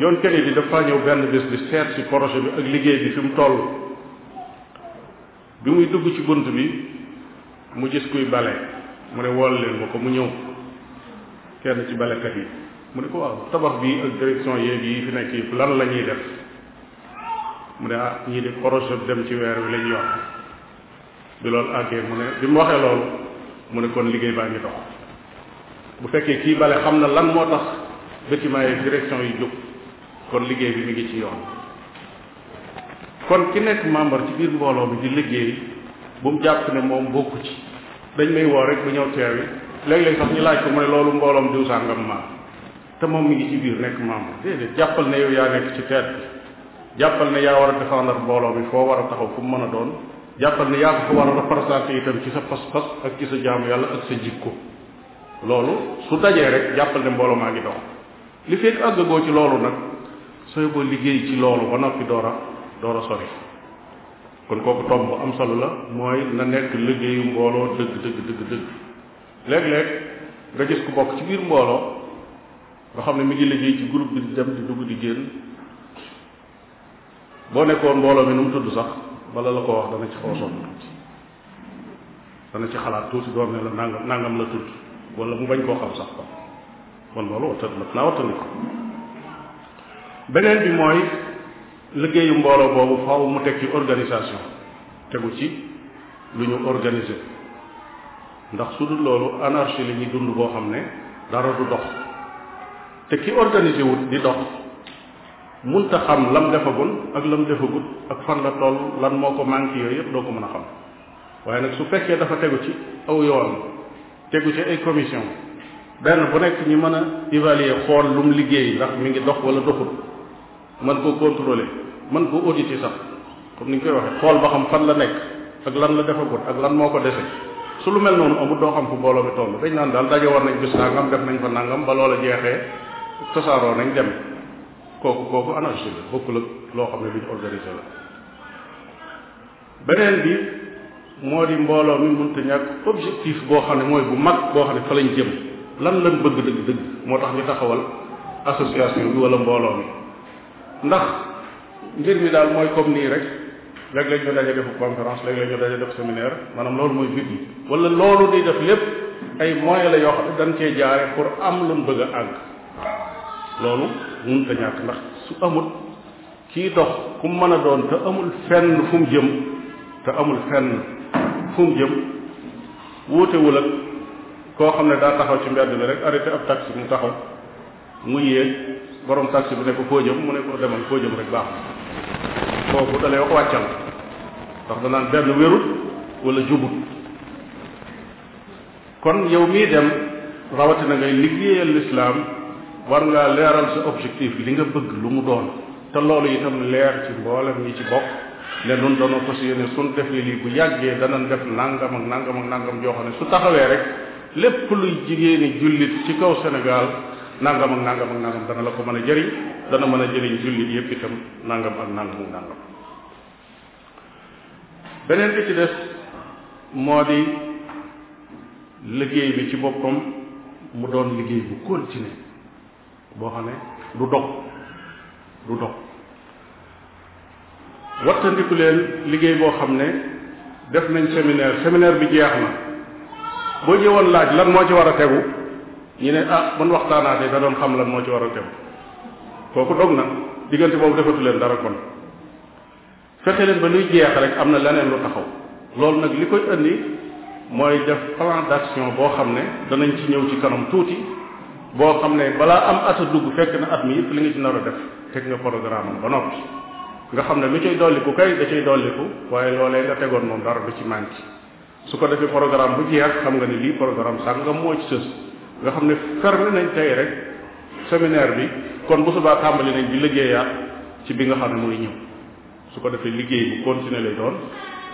John Kennedy dafa ñëw benn bés di seet ci projet bi ak liggéey bi fi mu bi muy dugg ci bunt bi mu gis kuy bale mu ne wool leen ma ko mu ñëw kenn ci balekat yi mu ne ko waaw tabax bii ak direction yéeg yi fi nekk yëpp lan la ñuy def mu ne ah ñii di projet dem ci weer wi lañ yor bi loolu àggee mu ne bi mu waxee loolu mu ne kon liggéey baa ngi dox bu fekkee kii bale xam na lan moo tax bâtiment yi direction yi jóg kon liggéey bi mi ngi ci yoon kon ki nekk membre ci biir mbooloo mi di liggéey bu mu jàpp ne moom bokku ci dañ may woo rek bu ñëw teew yi léeg-léeg sax ñu laaj ko mu ne loolu mbooloom diw sàngam ma te moom mi ngi ci biir nekk membre déedéet jàppal ne yow yaa ci teet jàppal ne yaa war a défendre mbooloo mi foo war a taxaw fu mu mën a doon jàppal ne yaa ko war a représenté itam ci sa pas-pas ak ci sa jaamu yàlla ak sa jikko loolu su dajee rek jàppal ne mbooloo maa ngi dox li fekk àggagoo ci loolu nag sooy liggéey ci loolu ba noppi door door a sori kon kooku tomb bu am solo la mooy na nekk liggéeyu mbooloo dëgg dëgg dëgg dëgg léeg nga gis ku bokk ci biir mbooloo nga xam ne mi ngi liggéey ci groupe bi di dem di dugg di génn boo nekkoon mbooloo mi nu mu tudd sax bala la ko wax dana ci xaw a sonn ci xalaat tuuti doom ne la nangam nangam la tudd wala mu bañ koo xam sax kon loolu wattat mat naa wattandi ko beneen bi mooy liggéeyu mbooloo boobu faaw mu teg ci organisation tegu ci lu ñu organise ndax su dul loolu anarchie la ñuy dund boo xam ne dara du dox te ki organiser wut di dox munta xam lam defagun ak lam defagut ak fan la toll lan moo ko manqué yooyu doo ko mën a xam waaye nag su fekkee dafa tegu ci aw yoon tegu ci ay commission benn bu nekk ñi mën a évaluer xool lu mu liggéey ndax mi ngi dox wala doxut man koo contrôler mën koo auditer sax comme ni ñu koy waxee xool ba xam fan la nekk ak lan la defagut ak lan moo ko dese su lu mel noonu amul doo xam ko mbooloo mi toll dañ naan daal daje war nañ bis nangam def nañ fa nangam ba loola jeexee tasaaroo nañ dem kooku kooku anarchie la bokkul ak loo xam ne lu ñu organisé la beneen bi moo di mbooloo mi mënta ñàkk objectif boo xam ne mooy bu mag boo xam ne fa lañ jëm lan lañ bëgg dëgg dëgg moo tax ñu taxawal association bi wala mbooloo mi ndax mbir mi daal mooy comme nii rek léeg-léeg ñu daje defu conférence léeg-léeg daje def séminaire maanaam loolu muy bit yi wala loolu di def lépp ay moyens la yoo xam ne dañ cee jaare pour am lu mu bëgg a àgg loolu mënut a ñàkk ndax su amul kii dox ku mën a doon te amul fenn fu mu jëm te amul fenn fu mu jëm wuutewul ak koo xam ne daa taxaw ci mbedd bi rek arrêté ab taxi mu taxaw mu yéeg borom taxi bu ne ko foo jëm mu ne ko demal foo jëm rek baax na kooku da lay wax wàccal ndax danaan benn wérut wala jubut kon yow mii dem rawatina ngay liggéeyal lislaam war ngaa leeral sa objectif li nga bëgg lu mu doon te loolu itam leer ci mboolem ñi ci bokk ne nun danoo fas yéene sun def lii bu yàggee danañ def nangam ak nangam ak nangam joo xam ne su taxawee rek lépp luy jigéeni jullit ci kaw Sénégal nangam ak nangam ak nangam dana la ko mën a jëriñ dana mën a jëriñ jullit yépp itam nangam ak nangam ak beneen bi ci des moo di liggéey bi ci boppam mu doon liggéey bu continuer boo xam ne du dog du dog wattandiku leen liggéey boo xam ne def nañ séminaire séminaire bi jeex na boo ñëwoon laaj lan moo ci war a tegu ñu ne ah ban waxtaanaatee da doon xam lan moo ci war a teew kooku dog na diggante boobu defatu leen dara kon fexe leen ba luy jeex rek am na leneen lu taxaw loolu nag li koy indi mooy def plan d'action boo xam ne danañ ci ñëw ci kanam tuuti boo xam ne balaa am at a dugg fekk na at mi yëpp li nga ci nar def teg nga programme ba noppi nga xam ne lu cay dolliku kay da cay dolliku waaye loolee nga tegoon moom dara du ci manqué su ko defee programme bu jeex xam nga ne lii programme sàngam moo ci sës nga xam ne fermé nañ tey rek séminaire bi kon bu subaa tàmbali nañ di liggéeyaat ci bi nga xam ne mooy ñëw su ko defee liggéey bu continuer doon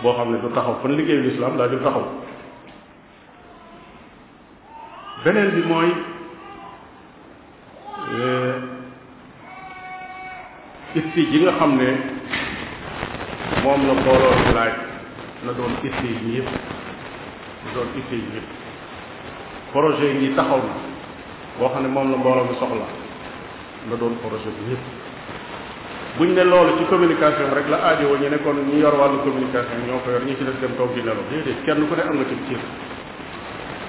boo xam ne du taxaw fan liggéeyu lislaam daal di taxaw bi mooy euh, itti nga xam ne moom la booloo laaj na doon itti yi ñëpp na doon itti yi ñëpp projet ngi taxaw na boo xam ne moom la mbooloo mi soxla la doon projet bi yëpp buñ ne loolu ci communication rek la aajowoo ñu ne kon ñu yor wàllu communication ñoo ko yor ñi ci des dem toog di nelaw déedéet kenn ku ne am nga ci cër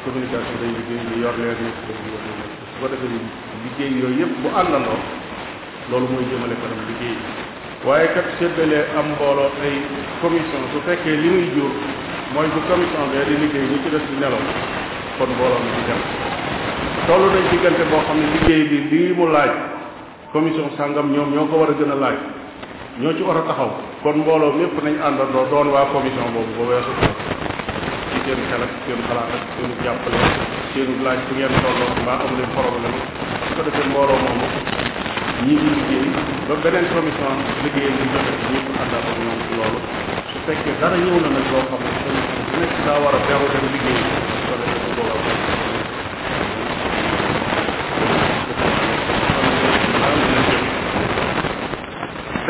communication day liggéey ñu yor leen ñi su ko defee liggéey yooyu yëpp bu àndandoo loolu mooy jëmale kanam liggéey waaye kat séddalee am mbooloo ay commission su fekkee li muy jur mooy bu commission bee di liggéey ñi ci des di nelaw kon mbooloo mi di dem toll nañ diggante boo xam ne liggéey bi lii mu laaj commission sàngam ñoom ñoo ko war a gën a laaj ñoo ci war a taxaw kon mbooloo mépp nañ àndandoo doon waa commission boobu ko ci seen ak seen xalaat ak seenu jàppale laaj bu ngeen tolloo mbaa am leen problème mbooloo moomu ñi ngi liggéey ba beneen liggéey ñu loolu su fekkee dara ñëw na nag loo xam ne commission bu nekk daa war a beeru liggéey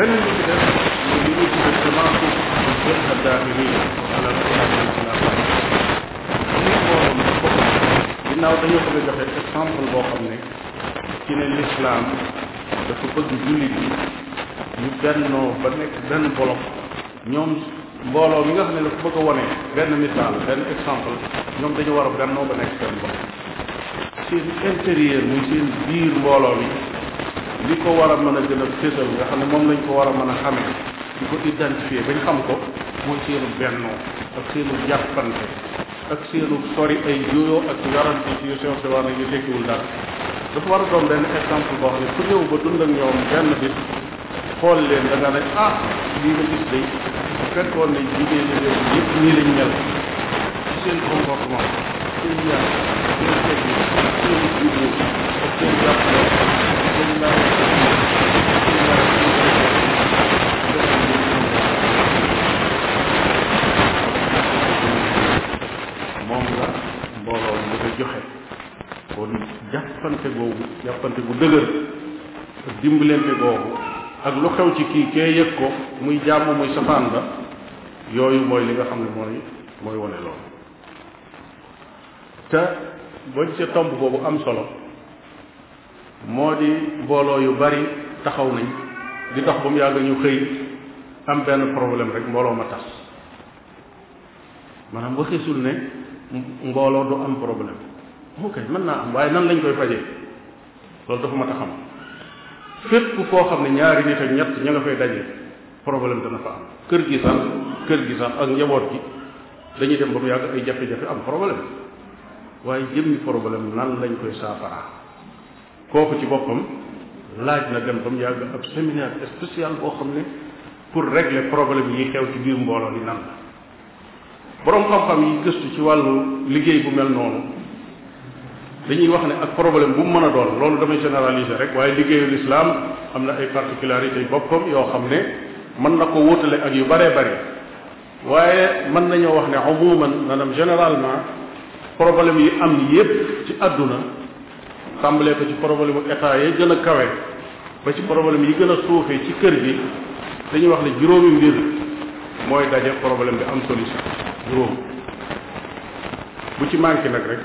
abin da ke da yi da zama su da ke da dami ginnaaw dañoo bëgg a joxe exemple boo xam ne ci ne lislaam dafa bëgg jullit yi ñu bennoo ba nekk benn bolok ñoom mbooloo mi nga xam ne dafa bëgg a benn misaal benn exemple ñoom dañu war a bennoo ba nekk benn bolok seen intérieur muy seen biir mbooloo mi li ko war a mën a gën a fésal nga xam ne moom lañ ko war a mën a xamee di ko identifier bañ xam ko mooy seenu bennoo ak seenu jàppante ak seenu sori ay juyoo ak yarante ci yu sew sewaan yu tekkiwul dara dafa war a doon benn exemple boo xam ne ku ñëw ba dund ñoom benn bit xool leen da nga ne ah lii nga gis day bu fekkoon ne jigéen ñi yëpp nii lañ mel ci seen comportement jàppante googu jàppante bu dëgër ak dimbalante googu ak lu xew ci kii kee yëg ko muy jàmm muy safaan ba yooyu mooy li nga xam ne mooy mooy wane loolu te ba ca tomb boobu am solo moo di mbooloo yu bari taxaw nañ di dox ba mu yàgg ñu xëy am benn problème rek mbooloo ma tas maanaam waxisul ne mbooloo du am problème ok mën naa am waaye nan lañ koy fajee loolu dafa ma a xam fépp foo xam ne ñaari nit ak ñett ña nga fay daje problème dana fa am kër gi sax kër gi sax ak njaboot gi dañuy dem ba mu yàgg ay jafe-jafe am problème waaye jëmmi problème nan lañ koy saafara kooku ci boppam laaj na dem ba mu yàgg ab séminaire spécial boo xam ne pour régler problème yi xew ci biir mbooloo yi nan la boroom xam-xam yi gëstu ci wàllu liggéey bu mel noonu dañuy wax ne ak problème bu mu mën a doon loolu damay généraliser rek waaye liggéeyu lislaam am na ay particularités boppam yoo xam ne mën na ko wóotale ak yu baree bare waaye mën nañoo wax ne amuman maanaam généralement problème yi am yépp ci àdduna tàmbalee ko ci problème u état yi gën a kawe ba ci problème yi gën a suufee ci kër gi dañuy wax ne juróomi mbir mooy daje problème bi am solution juróom bu ci manqué nag rek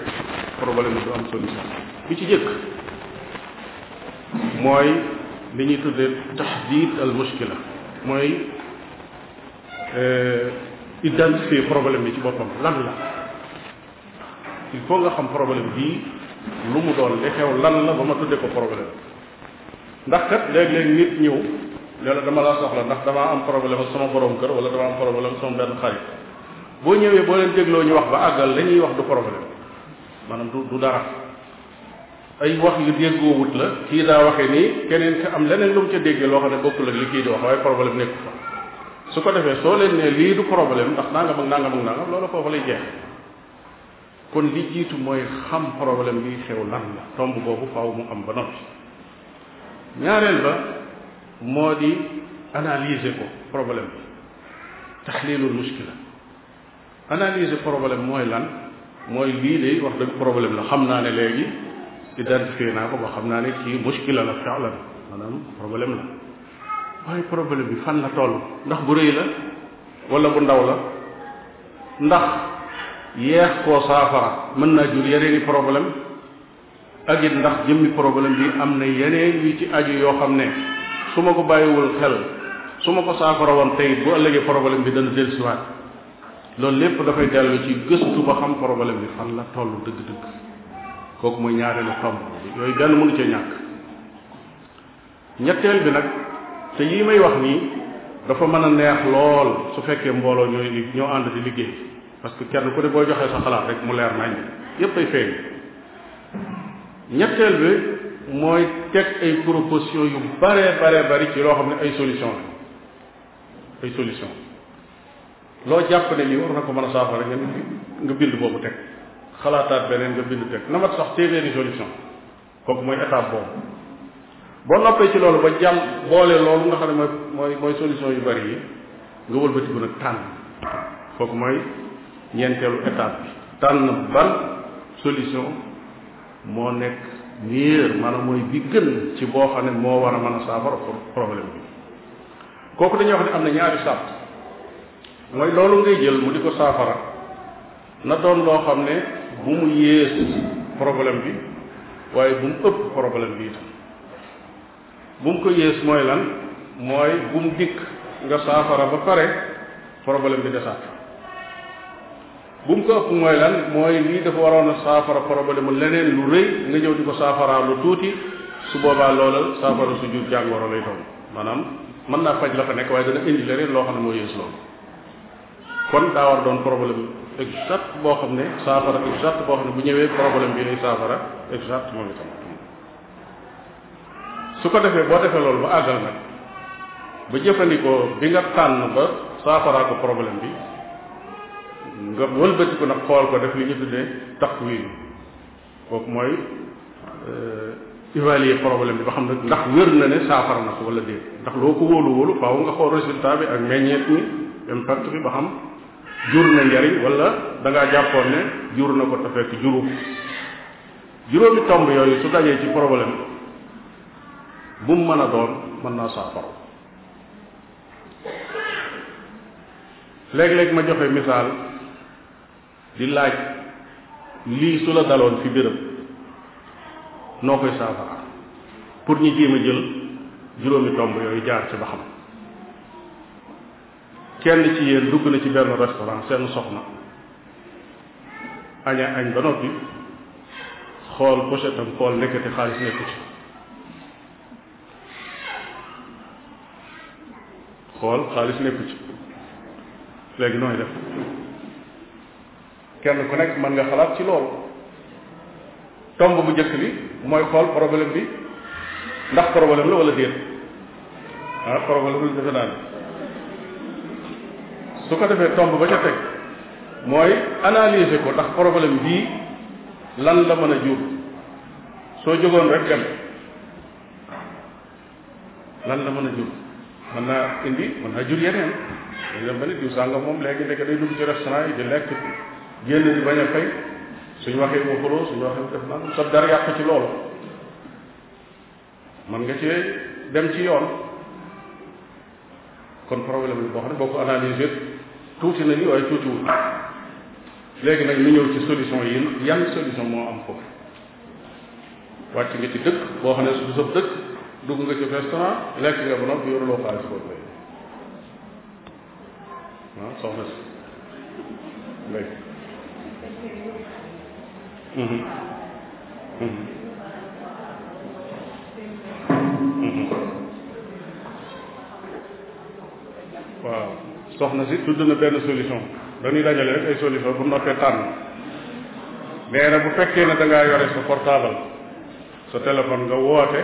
problème bi du am solution bi ci jëkk mooy li ñuy tuddee tahdid al mushkila mooy euh, identifier problème bi ci boppam lan la il faut nga xam problème bii lu mu doon li xew lan la ba ma tuddee ko problème ndax kat léeg-léeg nit ñëw ne la dama laa soxla ndax damaa am problème ak sama kër wala dama am problème ak sama benn xarit boo ñëwee boo leen dégloo ñu wax ba àggal la ñuy wax du problème maanaam du du dara ay wax yu déggoowut la kii daa waxe nii keneen ka am leneen lu mu ca déggee loo xam ne bokkul ak li kii di wax waaye problème nekku fa su ko defee soo leen ne lii du problème ndax nangam ak nangam ak nangam loolu foofu lay kon li jiitu mooy xam problème bi xew lan la tomb boobu faaw mu am ba noppi ñaareel ba moo di analyser ko problème bi taxliilul muskila analyser problème mooy lan mooy lii de wax dëgg problème la xam naa ne léegi identifié naa ko ba xam naa ne kii muskila la faalan maanaam problème la waaye problème bi fan na toll ndax bu rëy la walla bu ndaw la ndax yeex koo saafara mën naa jur yeneen i problème ak it ndax jëmmi problème bi am na yeneen yu ci aju yoo xam ne su ma ko bàyyiwul xel su ma ko saafara woon tey bu ëllëgee problème bi dana dellusiwaat loolu lépp dafay dellu ci gëstu ba xam problème bi fan la tollu dëgg-dëgg kooku mooy ñaareelu tomb yooyu benn mënu cee ñàkk ñetteel bi nag te yii may wax nii dafa mën a neex lool su fekkee mbooloo ñooy ñoo ànd di liggéey parce que kenn ku ne boo joxee sa xalaat rek mu leer nañ yépp ay feeñ ñetteel bi mooy teg ay proposition yu bare bare bari ci loo xam ne ay solution la ay solution loo jàpp ne lii war na ko mën a saafara nga nga bind boobu teg xalaataat beneen nga bind teg na mat sax téeméeri solution kooku mooy étape boobu boo noppee ci loolu ba jàll boole loolu nga xam ne mooy mooy solution yu bari yi nga wëlbatiku nag tànn kooku mooy ñeenteelu étape bi tànn ban solution moo nekk meilleur maanaam mooy bi gën ci boo xam ne moo war a mën a saafara problème bi kooku dañuy xam ne am na ñaari sàrt mooy loolu ngay jël mu di ko saafara na doon loo xam ne bu mu yées problème bi waaye bu mu ëpp problème bi itam bu mu ko yées mooy lan mooy bu mu dikk nga saafara ba pare problème bi desaat bu mu ko ëpp mooy lan mooy lii dafa waroon a saafara problème leneen lu rëy nga ñëw di ko saafaraa lu tuuti su boobaa loola saafara su jur jàngoro lay doon maanaam mën naa faj la fa nekk waaye dana indi leneen loo xam ne moo yées loolu kon daa war doon problème exact boo xam ne saafara exact boo xam ne bu ñëwee problème bi lay saafara exact moom itam su ko defee boo defee loolu ba àggal nag ba jëfandikoo bi nga tànn ba saafaraa ko problème bi nga wëlbati ko nag xool ko def li ñu tuddee taxwiil kooku mooy euh, évaluer problème bi ba xam ne ndax wér na ne saafara na ko wala déet ndax loo ko wóolu wóolu faaw nga xool résultat bi ak meññeet mi impact bi ba xam jur na njariñ wala dangaa ngaa jàppoon ne jur na ko te fekk juru juróomi tomb yooyu su dajee ci problème bu mu mën a doon mën naa saafara léeg-léeg ma joxe misaal di laaj lii su la daloon fi béréb noo koy saafara pour ñu jéem a jël juróomi tomb yooyu jaar ci ba xam kenn ci yéen dugg na ci benn restaurant seen soxna aña añ ba noppi xool pochette am xool nekkati xaalis nekku ci xool xaalis nekku ci léegi nooy def kenn ko nekk mën nga xalaat ci loolu tomb bu njëkk bi mooy xool problème bi ndax problème la walla déet ah problème la defe naa su ko defee tomb ba ca mooy analyser ko ndax problème bii lan la mën a jur soo jógoon rek dem lan la mën a jur mën naa indi man naa jur yeneen dañu dem ba ne moom léegi ndeke day dugg ci restaurant yi di lekk génn di bañ a fay suñ waxee waxuloo suñ waxee def naan sa dara yàqu ci loolu mën nga ci dem ci yoon kon problème bi boo xam ne boo ko analyser tuuti nañu waaye tuutiwul léegi nag ñu ñëw ci solution yi yan solution moo am foofu wàcc nga ci dëkk boo xam ne su sab dëkk dugg nga ci restaurant lekk nga ba noppi yoruloo xaalis boobu lay waaw soxna si léegi Mm-hmm. Mm-hmm. Mm-hmm. waaw soxna si tudd na benn solution dañuy dajale rek ay solution bu noppee tànn nee na bu fekkee ne da ngaa yore sa portable sa téléphone nga woote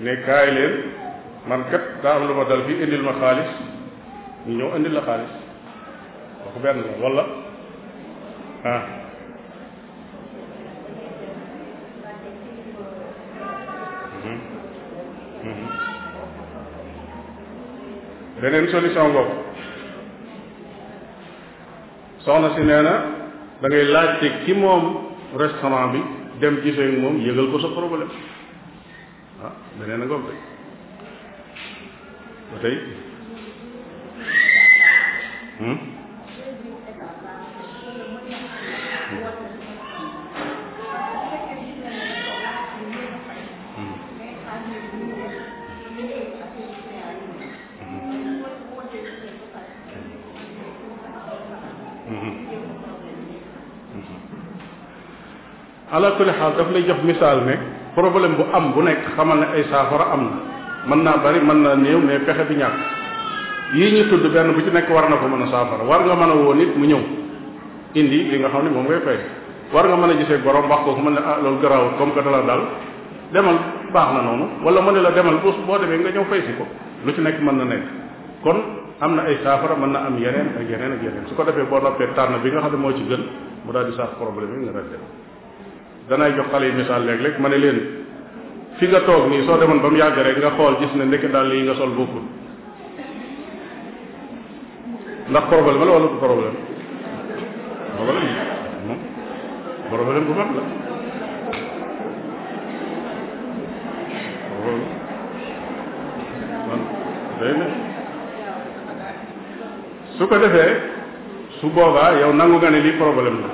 ne leen man kat daa am lu ma dal fii indil ma xaalis ñu ñëw indil la xaalis wax benn la wala ah. beneen solution boobu soxna si nee na da ngay laajte ki moom restaurant bi dem gisee moom yëgal ko sa problème ah beneen a ngoom tey ba tey. Hmm? ala kulli xaal daf lay jox misaal ne problème bu am bu nekk xamal ne ay saafara am na mën naa bari mën naa néew mais pexe bi ñàkk yii ñu tudd benn bu ci nekk war na ko mën a saafara war nga mën a woo nit mu ñëw indi li nga xam ne moom ngay war nga mën a gisee borom wax ko ko mën ne ah loolu garaawut comme que dalaa daal demal baax na noonu wala ma ne la demal boo su boo demee nga ñëw fay si ko lu ci nekk mën na nekk kon am na ay saafara mën na am yeneen ak yeneen ak yeneen su ko defee boo noppee tànn bi ne moo ci gën mu daal di saaf problème danaay jox xale yi misaal léeg-léeg ma ne leen fi nga toog nii soo demoon ba mu rek nga xool gis ne ndekki dàll yi sol bokkul ndax problème la wala ko defee su boobaa yow nangu nga ne lii problème la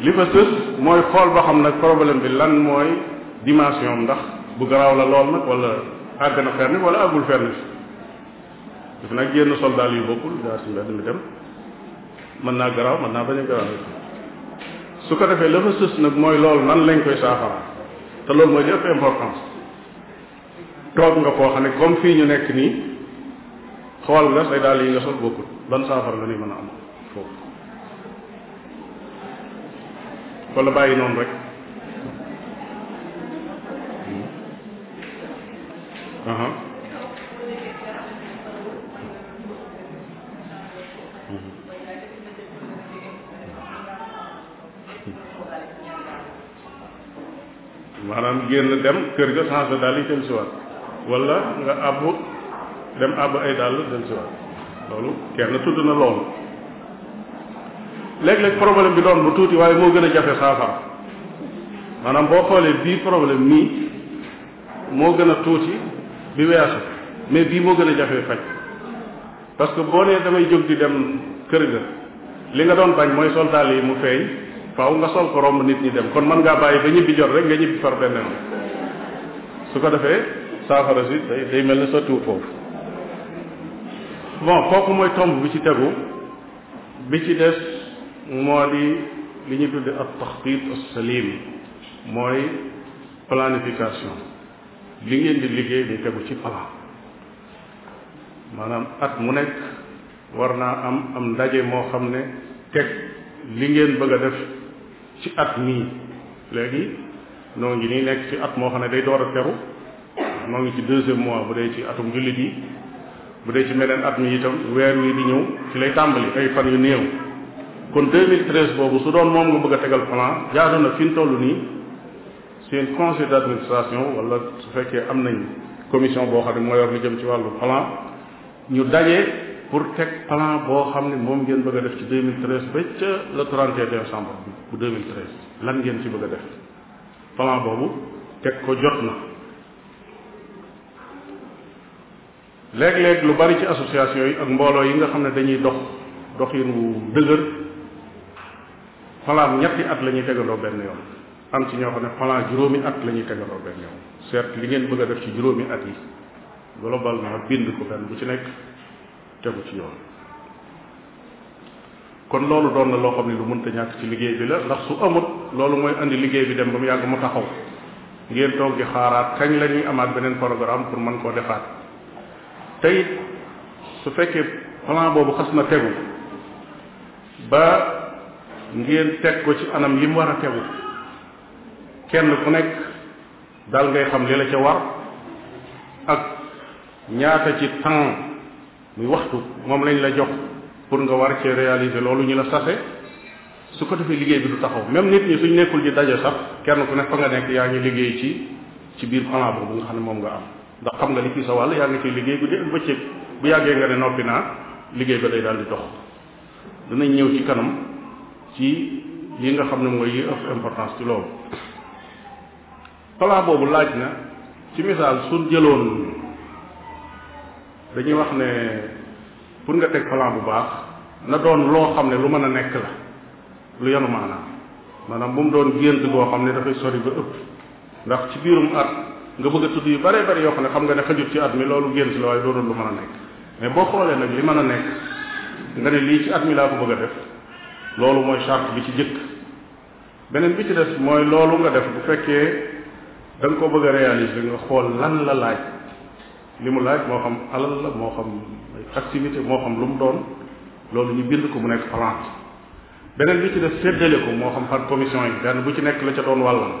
li fa sës mooy xool ba xam nag problème bi lan mooy dimension ndax bu garaaw la lool nag wala àgg na fenn wala àggul fenn fi dafa nag génn soldat yu bokkul jaar si mbedd mi dem mën naa garaaw mën naa bañ a su ko defee la nag mooy lool man lañ koy saafara te loolu mooy li ëpp importance toog nga foo xam ne comme fii ñu nekk nii xool nga say daal yi nga sol bokkul ban saafara la ni mën a am wala bàyyi noonu rek aha maanaam génn dem kër ga changé daal yi del siwaat wala nga àbb dem àbb ay dàll del siwaat loolu kenn tudd na loolu léeg-léeg problème bi doon bu tuuti waaye moo gën a jafe saafara maanaam boo xoolee bii problème nii moo gën a tuuti bi weesu mais bii moo gën a jafe faj parce que boo nee damay jóg di dem kër ga li nga doon bañ mooy sol dàll yi mu feeñ faaw nga sol ko romb nit ñi dem kon mën ngaa bàyyi ba ñibbi jot rek nga ñibbi far benn su ko defee saafara si day day mel ne sottiwu foofu bon kooku mooy tomb bi ci tegu bi ci des mois di li ñu tudde ak taxtit as salim mooy planification li ngeen di liggéey di tegu ci plan maanaam at mu nekk war naa am am ndaje moo xam ne teg li ngeen bëgg a def ci at mii léegi noo ngi nii nekk ci at moo xam ne day door a teru noo ngi ci deusième mois bu dee ci atum jullit yi bu dee ci meneen at mi itam weer wii di ñëw ci lay tàmbali ay fan yu néew kon 2013 boobu su doon moom nga bëgg a tegal plan jaadu na fi ñu toll nii seen conseil d'administration wala su fekkee am nañ commission boo xam ne moo yor lu jëm ci wàllu plan ñu daje pour teg plan boo xam ne moom ngeen bëgg a def ci 2013 ba ca le 31 décembre bu 2013 lan ngeen ci bëgg a def plan boobu teg ko jot na léeg-léeg lu bari ci association yi ak mbooloo yi nga xam ne dañuy dox doxin wu dëgër plan ñetti at la ñuy tegaloo benn yoon am ci ñoo xam ne plan juróomi at la ñuy tegaloo benn yoon certes li ngeen bëgg a def ci juróomi at yi globalement bind ko benn bu ci nekk tegu ci yoon kon loolu doon na loo xam ne lu mënta ñàkk ci liggéey bi la ndax su amut loolu mooy indi liggéey bi dem ba mu yàgg mu taxaw ngeen toog di xaaraat kañ lañuy ñuy amaat beneen programme pour mën koo defaat tey su fekkee plan boobu xas na tegu ba ngeen teg ko ci anam yi mu war a tegu kenn ku nekk dal ngay xam li la ca war ak ñaata ci temps muy waxtu moom lañ la jox pour nga war cee réaliser loolu ñu la sase su ko defee liggéey bi du taxaw même nit ñi suñ nekkul di daje sax kenn ku nekk fa nga nekk yaa ngi liggéey ci ci biir plan boobu nga xam ne moom nga am ndax xam nga li ci sa wàll yaa ngi ciy liggéey guddi ak bëccëg bu yàggee nga ne noppi naa liggéey ba day daal di dox danañ ñëw ci kanam ci yi nga xam ne mooy yi ëpp importance ci loolu palaa boobu laaj na ci misaal suñ jëloon dañuy wax ne pour nga teg plan bu baax na doon loo xam ne lu mën a nekk la lu yanu maanaam maanaam bu mu doon gént boo xam ne dafay sori ba ëpp ndax ci biirum at nga bëgg a tudd yu bare bari yoo xam ne xam nga ne xajut ci at mi loolu gént la waaye doo doon lu mën a nekk mais boo xoolee nag li mën a nekk nga ne lii ci at mi laa ko bëgg def loolu mooy charte bi ci jëkk beneen bi ci des mooy loolu nga def bu fekkee da koo ko bëgg a réaliser nga xool lan la laaj li mu laaj moo xam alal la moo xam activité moo xam lu mu doon loolu ñu bind ko mu nekk plan beneen bi ci des séddale ko moo xam par commission yi benn bu ci nekk la ca doon wàllam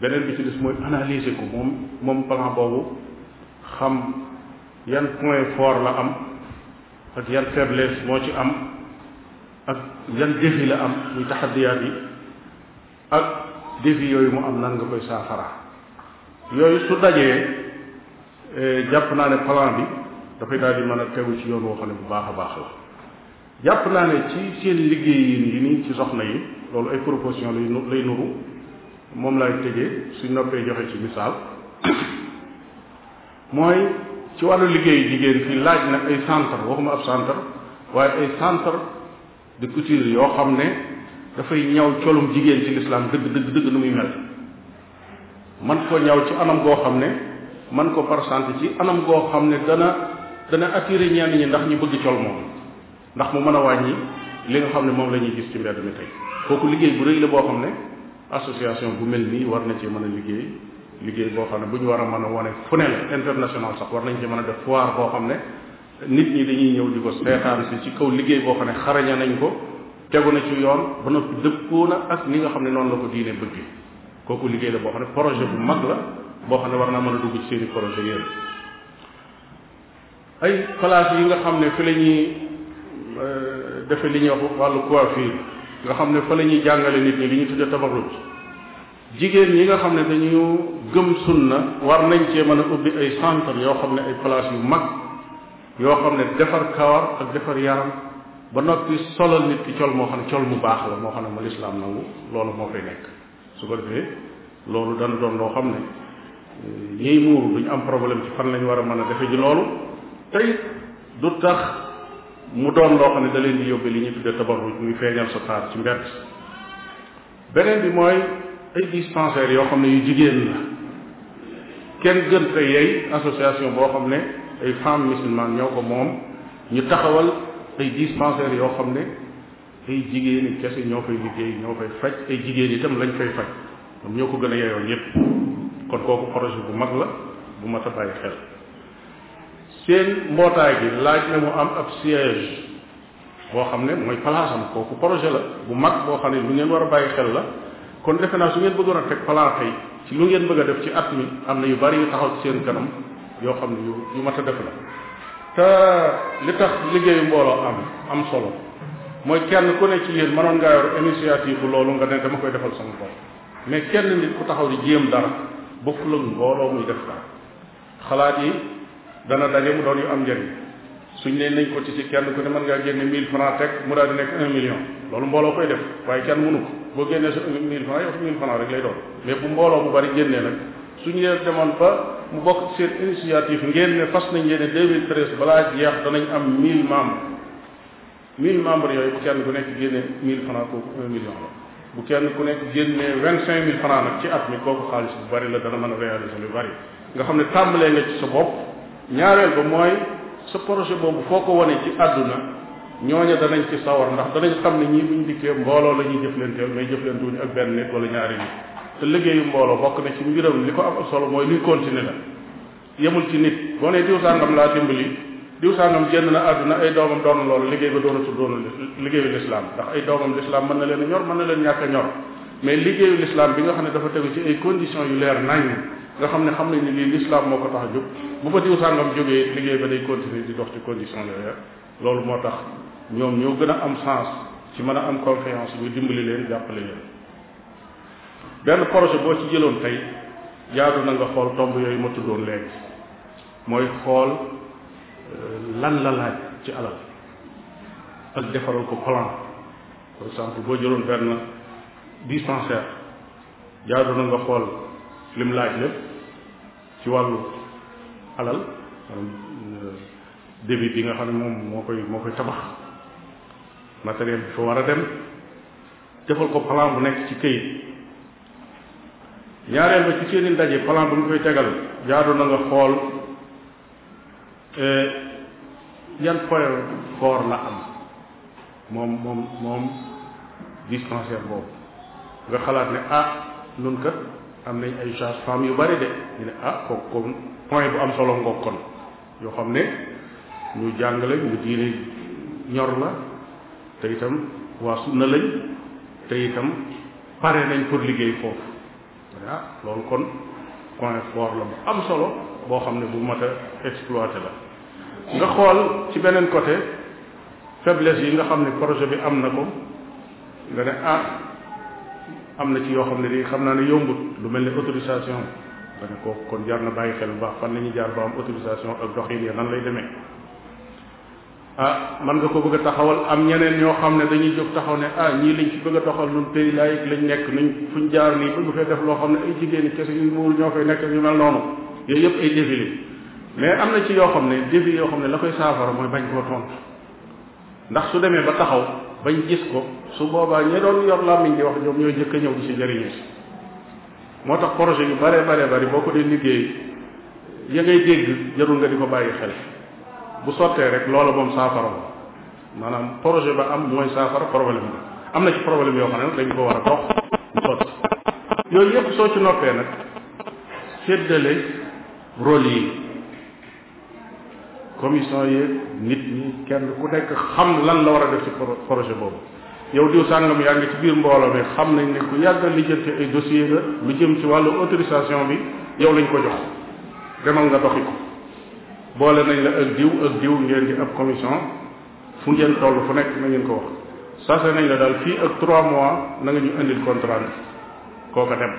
beneen bi ci des mooy analyser ko moom moom plan boobu xam yan point fort la am ak yan faiblesse moo ci am ak yan défi la am muy taxadiyaat yi ak défi yooyu mu am nan nga koy saafara yooyu su dajee eh, jàpp naa ne plan bi dafay daal di mën a tegu ci yoon woo ne bu baax a baax la jàpp naa ne ci seen liggéey yi nii ci soxna yi loolu ay proposition lay lay nuru moom laay tëjee suñ noppee joxe ci misaal mooy ci wàllu liggéeyu jigéen fii laaj na ay centre waxuma ab centre waaye ay centre de couture yoo xam ne dafay ñaw colum jigéen ci lislaam dëgg dëgg dëgg nu muy mel man koo ñaw ci anam goo xam ne man ko parsanté ci anam goo xam ne dana dana attiré ñenn ñi ndax ñu bëgg col moom ndax mu mën a wàññi li nga xam ne moom la ñuy gis ci mbedd mi tey kooku liggéey bu rëy la boo xam ne association bu mel nii war na ci mën a liggéey liggéey boo xam ne bu ñu war a mën a wane fu ne la international sax war nañ ci mën a def foire boo xam ne nit ñi dañuy ñëw di ko seetaan si ci kaw liggéey boo xam ne xaraña nañ ko tegu na ci yoon ba noppi dëppoo na ak ni nga xam ne noonu la ko diine bëgge kooku liggéey la boo xam ne projet bu mag la boo xam ne war naa mën a dugg ci seeni projet yéen yi nga xam ne fi la ñuy euh, defe li ñuy nga xam ne fa la ñuy jàngale nit ñi li ñu tudde tabarruj jigéen ñi nga xam ne dañu gëm sunna war nañ cee mën a ubbi ay centre yoo xam ne ay place yu mag yoo xam ne defar kawar ak defar yaram ba noppi solal nit ki col moo xam ne col mu baax la moo xam ne ma lislaam nangu loolu moo fay nekk su ko defee loolu dana doon loo xam ne eh, ñiy muuru duñu am problème ci fan lañ war a mën a defe ji loolu tey du tax mu doon loo xam ne da leen di yóbbe li ñuy tudde tabarruj muy feeñal sa taar ci mbedd beneen bi mooy ay dispensaires yoo xam ne yu jigéen la kenn gën ko yey association boo xam ne ay femmes musulmanes ñoo ko moom ñu taxawal ay dispensaires yoo xam ne ay jigéen ñi kese ñoo fay liggéey ñoo fay faj ay jigéen itam lañ fay faj ñoom ñoo ko gën a yeyoo ñëpp kon kooku projet bu mag la bu mat a bàyyi xel seen mbootaay gi laaj na mu am ab siège boo xam ne mooy place am kooku projet la bu mag boo xam ne lu ngeen war a bàyyi xel la kon defe naa su ngeen bëggoon a teg plan tey ci lu ngeen bëgg a def ci at mi am na yu bari yu taxaw ci seen kanam yoo xam ne yu yu mat a def la te li tax liggéeyu mbooloo am am solo mooy kenn ku ne ci yéen manoon ngaa yor initiative bu loolu nga ne dama koy defal sama bopp mais kenn nit ku taxaw di jéem dara bokkul ak mbooloo muy def dara xalaat yi dana daje mu doon yu am njëriñ suñ ne nañ ko ci si kenn ku ne mën ngaa génne 1000 francs teg mu daal di nekk 1 million loolu mbooloo koy def waaye kenn mënu ko boo génnee sa 1000 francs yow rek lay doon mais bu mbooloo bu bari génnee suñ leen mu bokk seen initiative ngeen ne fas nañ yéene 2013 balaa jeex danañ am 1000 membres 1000 membres yooyu bu kenn ku nekk génne 1000 francs kooku 1 million la bu kenn ku nekk génne 25000 francs nag ci at mi kooku xaalis bu bari la dana mën a réaliser lu bari nga xam ne tàmbalee nga ci sa bopp ñaareel ba mooy sa projet boobu foo ko wane ci àdduna ñooña danañ ci sawar ndax danañ xam ne ñii buñ dikkee mbooloo la ñuy jëflanteel mais jëflante wuñ ak benn wala ñaari nit te liggéeyu mbooloo bokk na ci mu mbiram li ko am solo mooy luy continuer la yemul ci nit boo nee diw sàngam laa dimbali diw sàngam jenn na àdduna ay doomam doon loolu liggéey ba doonatu doon liggéeyu lislaam ndax ay doomam lislaam mën na leen a ñor mën na leen ñàkk a ñor mais liggéeyu lislaam bi nga xam ne dafa tegu ci ay conditions yu leer nañ nga xam ne xam nañ ne lii lislaam moo ko tax a jóg bu fa diw sàngam jógee liggéey ba day continuer di dox ci conditions loolu moo tax ñoom ñoo gën a am sens ci mën a am confiance bi dimbali leen jàppale benn projet boo ci jëloon tey jaadu na nga xool tomb yooyu ma tuddoon léegi mooy xool euh, lan la laaj ci alal ak defaral ko plan par exemple boo jëloon benn dispensaire jaadu na nga xool lim laaj lépp ci wàllu alal euh, débit bi nga xam ne moom moo koy moo koy tabax matériel bi fa war a dem defal ko plan bu nekk ci këyit ñaareel ba ci seeni ndaje plan bu ñu koy tegal jaadu na nga xool e, yan point fort la am moom moom moom dispensaire boobu nga xalaat ne ah nun kat am nañ ay charge femme yu bari de ñu ne ah kooku point bu am solo ngoog kon yoo xam ne ñu jàng lañ ñu diine ñor la te itam waa sunna lañ te itam pare nañ pour liggéey foofu ah loolu kon point fort la bu am solo boo xam ne bu mat a exploité la nga xool ci beneen côté faiblesse yi nga xam ne projet bi am na ko nga ne ah am na ci yoo xam ne di xam naa ne yombut lu mel ni autorisation nga ne kooku kon jaar na bàyyi xel bu baax fan la ñuy jaar ba am autorisation ak doxin ya nan lay demee ah man nga ko bëgg taxawal am ñeneen ñoo xam ne dañuy jóg taxaw ne ah ñii liñ ci bëgg a taxawal nun tey laayit lañ nekk nuñ fuñ jaar nii bëgg fee def loo xam ne ay jigéen kese ñu muul ñoo fay nekk ñu mel noonu yooyu yëpp ay défilé mais am na ci yoo xam ne défilé yoo xam ne la koy saafara mooy bañ koo tontu ndax su demee ba taxaw bañ gis ko su boobaa ñi doon yor làmmiñ di wax ñoom ñooy jëkk a ñëw di si jëriñu si moo tax projet yu bare bare bari boo ko dee liggéey ya jarul nga di ko bàyyi xel bu sottee rek loolu moom saafara maanaam projet ba am mooy saafara problème bi am na ci problème yoo xam ne nag dañ ko war a dox mu sotti yooyu yëpp soo ci noppee nag séddale role yi commission yi nit ñi kenn ku nekk xam lan la war a def ci projet boobu yow diw sàngam yaa ngi ci biir mbooloo mi xam nañ ne ku yàgg lijjanti ay dossier la lu jëm ci wàllu autorisation bi yow lañ ko jox demal nga doxi ko boole nañ la ak diw ak diw ngeen di ab commission fu ngeen toll fu nekk na ngeen ko wax sase nañ la daal fii ak trois mois nanga ñu indil contrat bi kooka dem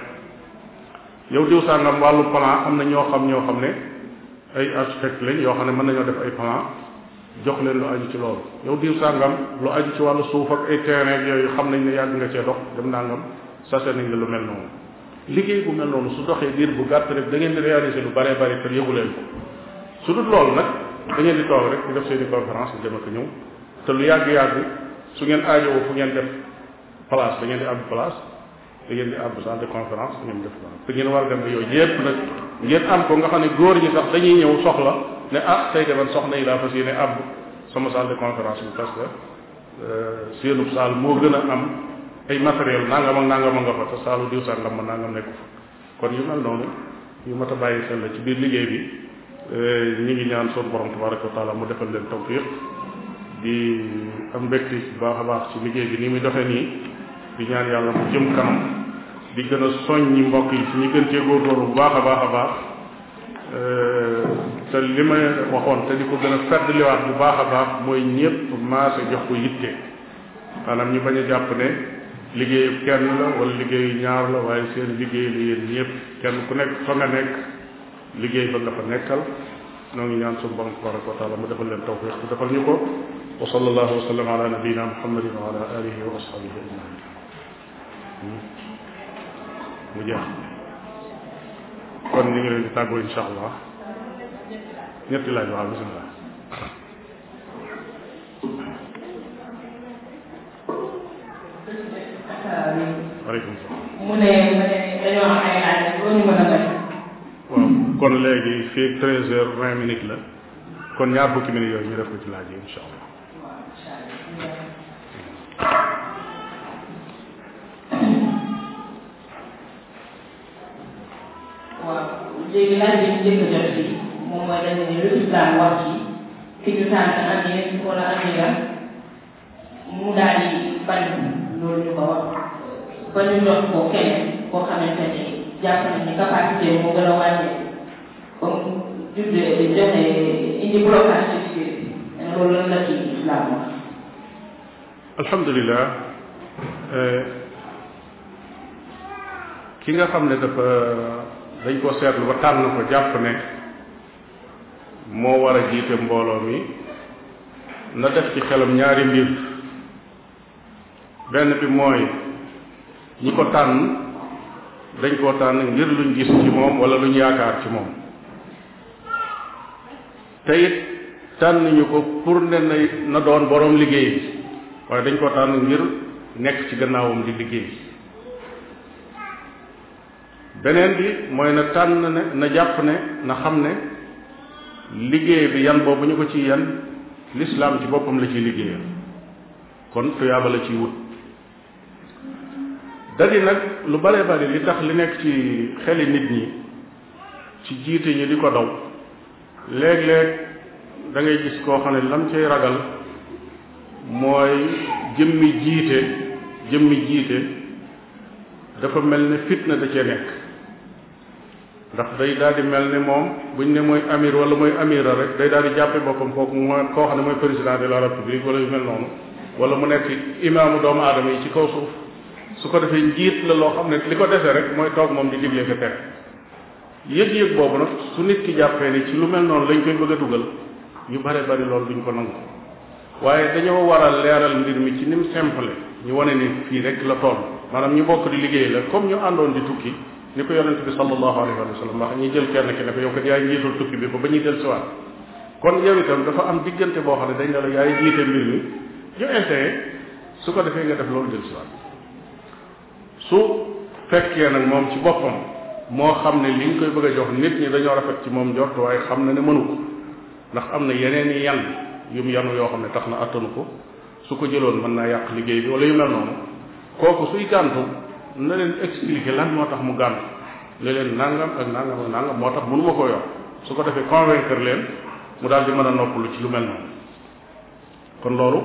yow diw sàngam wàllu plan am na ñoo xam ñoo xam ne ay architecte lañ yoo xam ne mën nañoo def ay plan jox leen lu aju ci loolu yow diw sàngam lu aju ci wàllu suuf ak ay terrain yooyu xam nañ ne yàgg nga cee dox dem nangam sase nañ la lu mel noonu liggéey bu mel noonu su doxee diir bu gàtt rek da ngeen di réaliser lu bare bare te yëgu leen su dul loolu nag da ngeen di toog rek di def seeni conférence di dem ak ñëw te lu yàgg-yàgg su ngeen aajowoo fu ngeen def place da ngeen di àbb place da ngeen di àbb salle de conférence da ngeen war a dem ba yooyu yépp nag am ko góor ñi sax dañuy ñëw soxla ne ah man soxna yi laa fas yéene àbb sama salle de conférence bi parce que euh, seenub moo gën a am ay matériel nangam ak a nga fa te saalu diw sangam ma nangam kon yu mel noonu yu mat a bàyyi xel la ci biir liggéey bi Euh, ñu ngi ñaan suñu borom tabaraka wa taala mu defal leen tawfiq di am mbégte baax a baax ci liggéey bi ni muy doxee nii di ñaan yàlla mu jëm kanam di gën a soññi mbokk yi ci ñu gën cee góorgóorlu bu baax a baax a baax euh, te li ma waxoon te di ko gën a fàttaliwaat bu baax a baax mooy ñëpp maase jox ko yitte maanaam ñu bañ a jàpp ne liggéeyu kenn la wala liggéeyu ñaar la waaye seen liggéey la yéen ñëpp kenn ku nekk fa nga nekk. liggéey ba nga fa nekkal noo ngi ñaan suñu borom tabaraka wa taala mu defal leen tawfiq mu defal ñu ko wa sallallahu wa sallam ala nabiyina muhammadin wa ala alihi wa ashabihi ajmain hmm? mu jeex kon ñu ngi leen di tàggoo insha allah ñetti laaj waaw bismillah waaleykum salaam mu ne ma ne dañoo am ay laaj loolu mën a waaw kon léegi fii treize heures vingt minutes la kon ñaar fukki minutes yooyu ñu def ko ci laaj yi incha allah. waaw léegi laaj bi ñu njëkk a jot ci moom mooy dañu ne lu islam wax ci ki ñu tànn amee wala amira mu daal di bañ loolu ñu ko wax ba ñu jox ko kenn koo xamante ne jàpp nañu ne capacité moo gën a wàññeeku ba mu alhamdulilah ki nga xam ne dafa dañ ko seetlu ba tànn ko jàpp ne moo war a jiite mbooloo mi na def ci xelam ñaari mbir benn bi mooy ñi ko tànn dañ koo tànn ngir luñ gis ci moom wala luñ yaakaar ci moom te it ko pour ne na doon boroom liggéey bi waaye dañ ko tànn ngir nekk ci gannaawam di liggéey beneen bi mooy na tànn ne na jàpp ne na xam ne liggéey bi yan boobu ñu ko ci yan lislaam ci boppam la ciy liggéeyal kon tuyaaba la ciy wut dadi nag lu bare bari li tax li nekk ci xeli nit ñi ci jiite ñi di ko daw léeg-léeg da gis koo xam ne lam cay ragal mooy jëmmi jiite jëmmi jiite dafa mel ne fitna da cee nekk ndax day daal di mel ni moom buñ ne mooy amir wala mooy amira rek day daal di jàppe boppam kooku mooy koo xam ne mooy président de la république wala yu mel noonu wala mu nekk imaamu doomu aadama yi ci kaw suuf su ko defee njiit la loo xam ne li ko dese rek mooy toog moom di digle ka tere yëg-yëg boobu nag su nit ki jàppee ni ci lu mel noonu lañ koy bëgg a dugal ñu bare bari loolu duñ ko nangu waaye dañoo war a leeral mbir mi ci nim simple ñu wane ni fii rek la toll maanaam ñu bokk di liggéey la comme ñu àndoon di tukki ni ko yonent bi sallallahu alayhi wa sallam wax ñuy jël kenn ki ne ko yow kat yaay njiitul tukki bi ba ba ñuy del siwaat kon yow dafa am diggante boo xam ne dañ ne la yaay jiite mbir mi ñu essayé su ko defee nga def loolu del siwaat su fekkee moom ci boppam moo xam ne li nga koy bëgg a jox nit ñi dañoo rafet ci moom jot waaye xam na ne mënu ko ndax am na yeneen i yan yu mu yanu yoo xam ne tax na attanu ko su ko jëloon mën naa yàq liggéey bi wala yu mel noonu kooku suy gàntu na leen expliquer lan moo tax mu gàntu ne leen nangam ak nangam ak nangam moo tax mënu ma ko yor su ko defee convaincre leen mu daal di mën a noppalu ci lu mel na kon loolu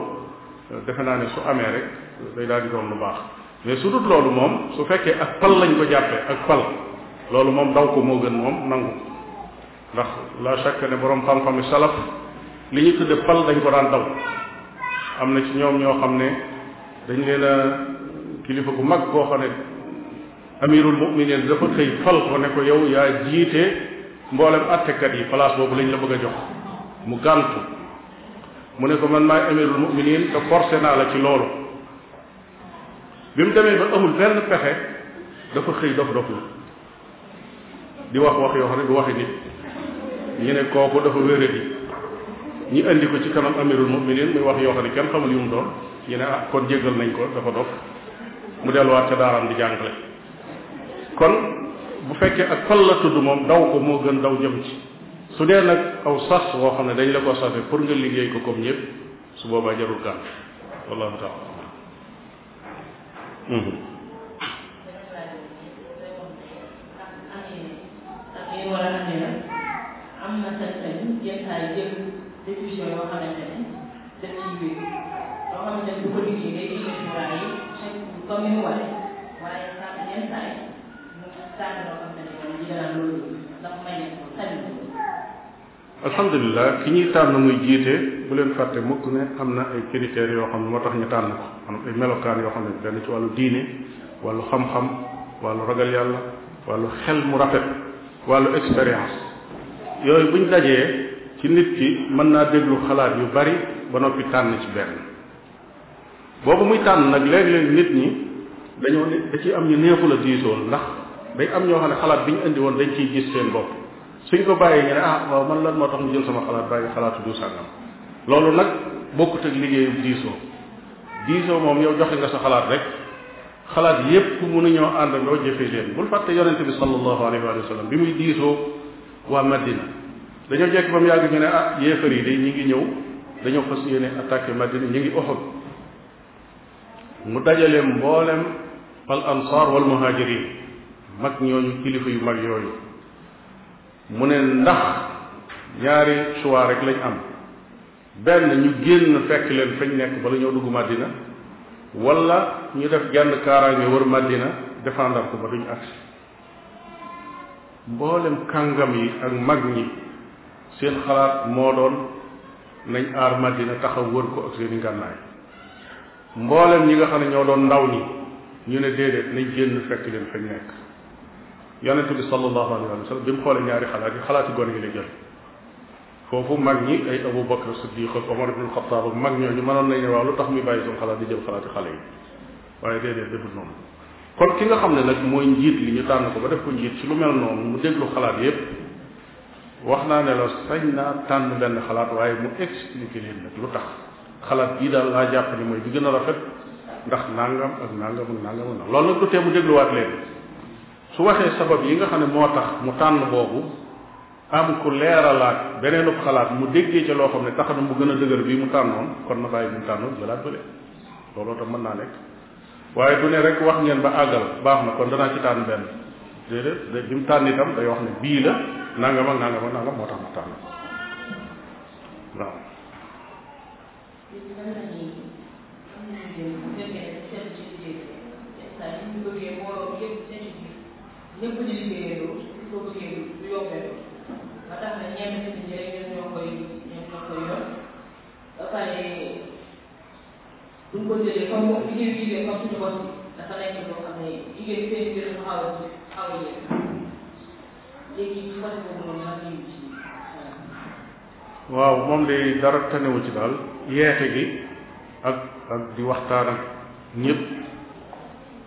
defe naa ne su amee rek day daal di doon lu baax mais su dut loolu moom su fekkee ak pal lañ ko jàppee ak pal loolu moom daw ko moo gën moom nangu ndax la chaque ne borom xam-xami salaf li ñu tudde pal dañ ko daan daw am na ci ñoom ñoo xam ne dañ leen a kilifa gu mag koo xam ne amirul muminin dafa xëy fal ko ne ko yow yaa jiite mboolem attekat yi place boobu lañ la bëgg a jox mu gàntu mu ne ko man maay amirul muminin te forcé naa la ci loolu bi mu demee ba amul benn pexe dafa xëy dof dof la di wax wax yoo xam ne du waxi nit ñu ne kooku dafa wéradi ñu indi ko ci kanam amirul muminin muy wax yoo xam ne kenn xamul yu mu doon ñu ne ah kon jéggal nañ ko dafa dof mu delluwaat ca daaraam di jàngale kon bu fekkee ak fal la tudd moom daw ko moo gën daw jëm ci su dee nag aw sas woo xam ne dañu la ko sase pour nga liggéey ko comme ñëpp su boobaa jarul gànt wallahu taala ay jël alhamdulilah ki ñuy tànn muy jiite bu leen fàtte mukk ne am na ay critères yoo xam ne moo tax ñu tànn ko maanaam ay melokaan yoo xam ne benn ci wàllu diine wàllu xam-xam wàllu ragal yàlla wàllu xel mu rafet wàllu expérience yooyu buñ dajee ci nit ki mën naa déglu xalaat yu bari ba noppi tànn ci benn boobu muy tànn nag léeg-léeg nit ñi dañoo ne da ciy am ñu neexu la diisoon ndax day am ñoo xam ne xalaat bi ñu indi woon dañ ciy gis seen bopp suñ ko bàyyee ñu ne ah waaw man lan moo tax mu jël sama xalaat bàyyi xalaatu du sàngam loolu nag bokkut ak liggéeyu diisoo diisoo moom yow joxe nga sa xalaat rek xalaat yépp mënuñoo àndandoo jëfe leen bul fàtte yonente bi sallallahu alayhi wa sallam bi muy diisoo dañoo jekk ba mu yàgg ñu ne ah yéefar yi day ñu ngi ñëw dañoo fas yéene attaqué Madina ñi ngi Uhud mu dajale mboolem al ansar wal muhajirin mag ñooñu kilifa yu mag yooyu mu ne ndax ñaari choix rek lañ am benn ñu génn fekk leen fañ nekk bala ñoo dugg Madina walla ñu def genn kaaraange wër Madina défendre ko ba duñ agsi mboolem kàngam yi ak mag ñi seen xalaat moo doon nañ aar madina taxaw wër ko ak seen i ngànnaay mboolem ñi nga xam ne ñoo doon ndaw ñi ñu ne déedéet nañ génn fekk leen fañ nekk yonente bi sallallahu alayhi wa sallam bi mu xoolee ñaari xalaat yi xalaati gone yi la jël foofu mag ñi ay Abu Bakr Siddiq ak Omar bi Xattaab ak mag ñu mënoon nañ ne waaw lu tax muy bàyyi suñu xalaat di jël xalaati xale yi waaye déedéet defut noonu kon ki nga xam ne nag mooy njiit li ñu tànn ko ba def ko njiit ci lu mel noonu mu déglu xalaat yépp wax naa ne la sañ naa tànn benn xalaat waaye mu expliquer leen nag lu tax xalaat gii daal laa jàpp ni mooy bi gën a rafet ndax nangam ak nangam ak nangam ak nangam loolu nag du tee mu dégluwaat leen su waxee sabab yi nga xam ne moo tax mu tànn boobu am ku leeralaat beneenu xalaat mu déggee ca loo xam ne tax na mu gën a dëgër bii mu tànnoon kon na bàyyi bi mu tànnoon jëlaat bële looloo tax mën naa nekk waaye du ne rek wax ngeen ba àggal baax na kon danaa ci tànn benn déedéet da bi mu tànn itam day wax ne bii la nangam ak nangam ak nangam moo tax mu tànn waaw. lépp di liggéeyaloo su ko bëggee du yombeeloo ba tax na ñenn nit ñi rek ñoom ñoo koy ñoom ñoo koy yor ba pare duñ ko jëlee comme liggéey bi liggéey comme suñu bopp dafa nekk loo xam ne liggéey seen mbir mu xaw a waaw moom de dara tanewu ci daal yeete gi ak ak di waxtaan ak ñëpp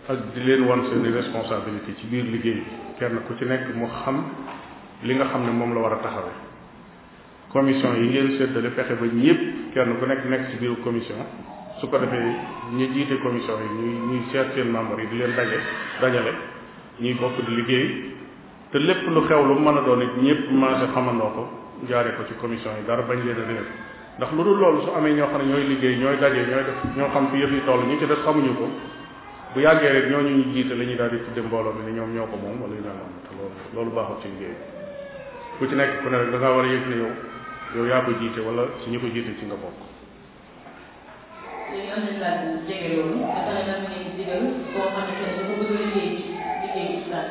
ak di leen wan seeni responsabilité ci biir liggéey kenn ku ci nekk mu xam li nga xam ne moom la war a taxawe commission yi ngeen séddale fexe ba ñëpp kenn ku nekk nekk ci biir commission su ko defee ñi jiite commission yi ñuy ñuy seet seen membre yi di leen daje dajale ñuy bokk di liggéey te lépp lu xew lu mën a doon it ñëpp maase xamandoo ko jaaree ko ci commission yi dara bañ leen a réer ndax lu dul loolu su amee ñoo xam ne ñooy liggéey ñooy daje ñoo xam fi yëf yi ñu ñi ci def xamuñu ko bu yàggee rek ñoo ñu jiite lañuy ñuy daal di tudde mbooloo mi ne ñoom ñoo ko moom wala ñu naan am te loolu loolu baaxul ci liggéey ku ci nekk ku ne rek da war a yëg ne yow yow yaa ko jiite wala si ñu ko jiite ci nga bokk. liggéey islam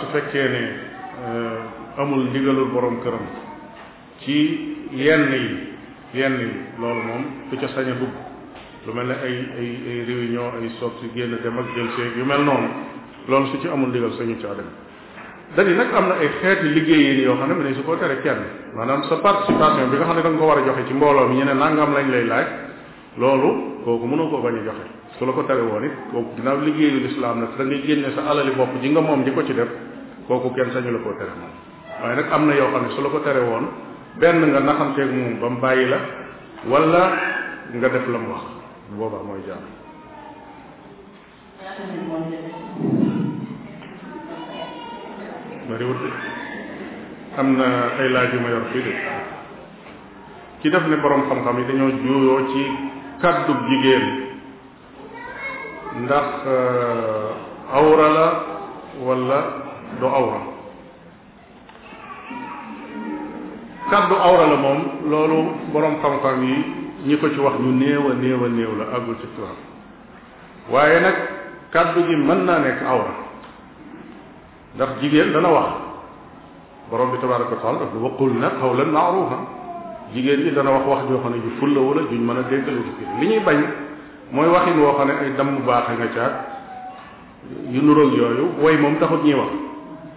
su fekkee ne eh, amul ndigalul boroom këram ci yenn yi yenn yi loolu moom du ca sañ dugg lu mel ni ay ay ay réunion ay sorti génn dem ak jël seeg yu mel noonu loolu su ci amul ndigal sañu caa dem dani nag am na ay xeeti liggéeyin yoo xam ne mu ne su ko tere kenn maanaam sa participation bi nga xam ne da nga ko war a joxe ci mbooloo mi ñu ne am lañ lay laaj loolu kooku mënoo koo bañ a joxe su la ko tere woon it kooku ginnaaw liggéeyu lislaam nag da génne sa alali bopp ji nga moom ji ko ci def kooku kenn sañu la koo tere moom waaye nag am na yoo xam ne su la ko tere woon benn nga naxanteeg moom ba mu bàyyi la wala nga def la mu wax boobaa mooy jaar. bariwut am na ay laaj yu ma yor fii de ki def ne borom xam-xam yi dañoo juuyoo ci. kàddub jigéen ndax euh, awra la wala du awra kàddu awra la moom loolu boroom xam-xam yi ñi ko ci wax ñu néew a néew la àggul ci turam waaye nag kàddu gi mën naa nekk awra ndax jigéen dana wax borom bi tabaraka wa taala daf ne wa qulna qawlan maarufa jigéen ñi dana wax wax joo xam ne ju fulla wala juñ mën a dégg la ci li ñuy bañ mooy waxin woo xam ne ay damm baaxe nga caag yu nuroog yooyu way moom taxut ñuy wax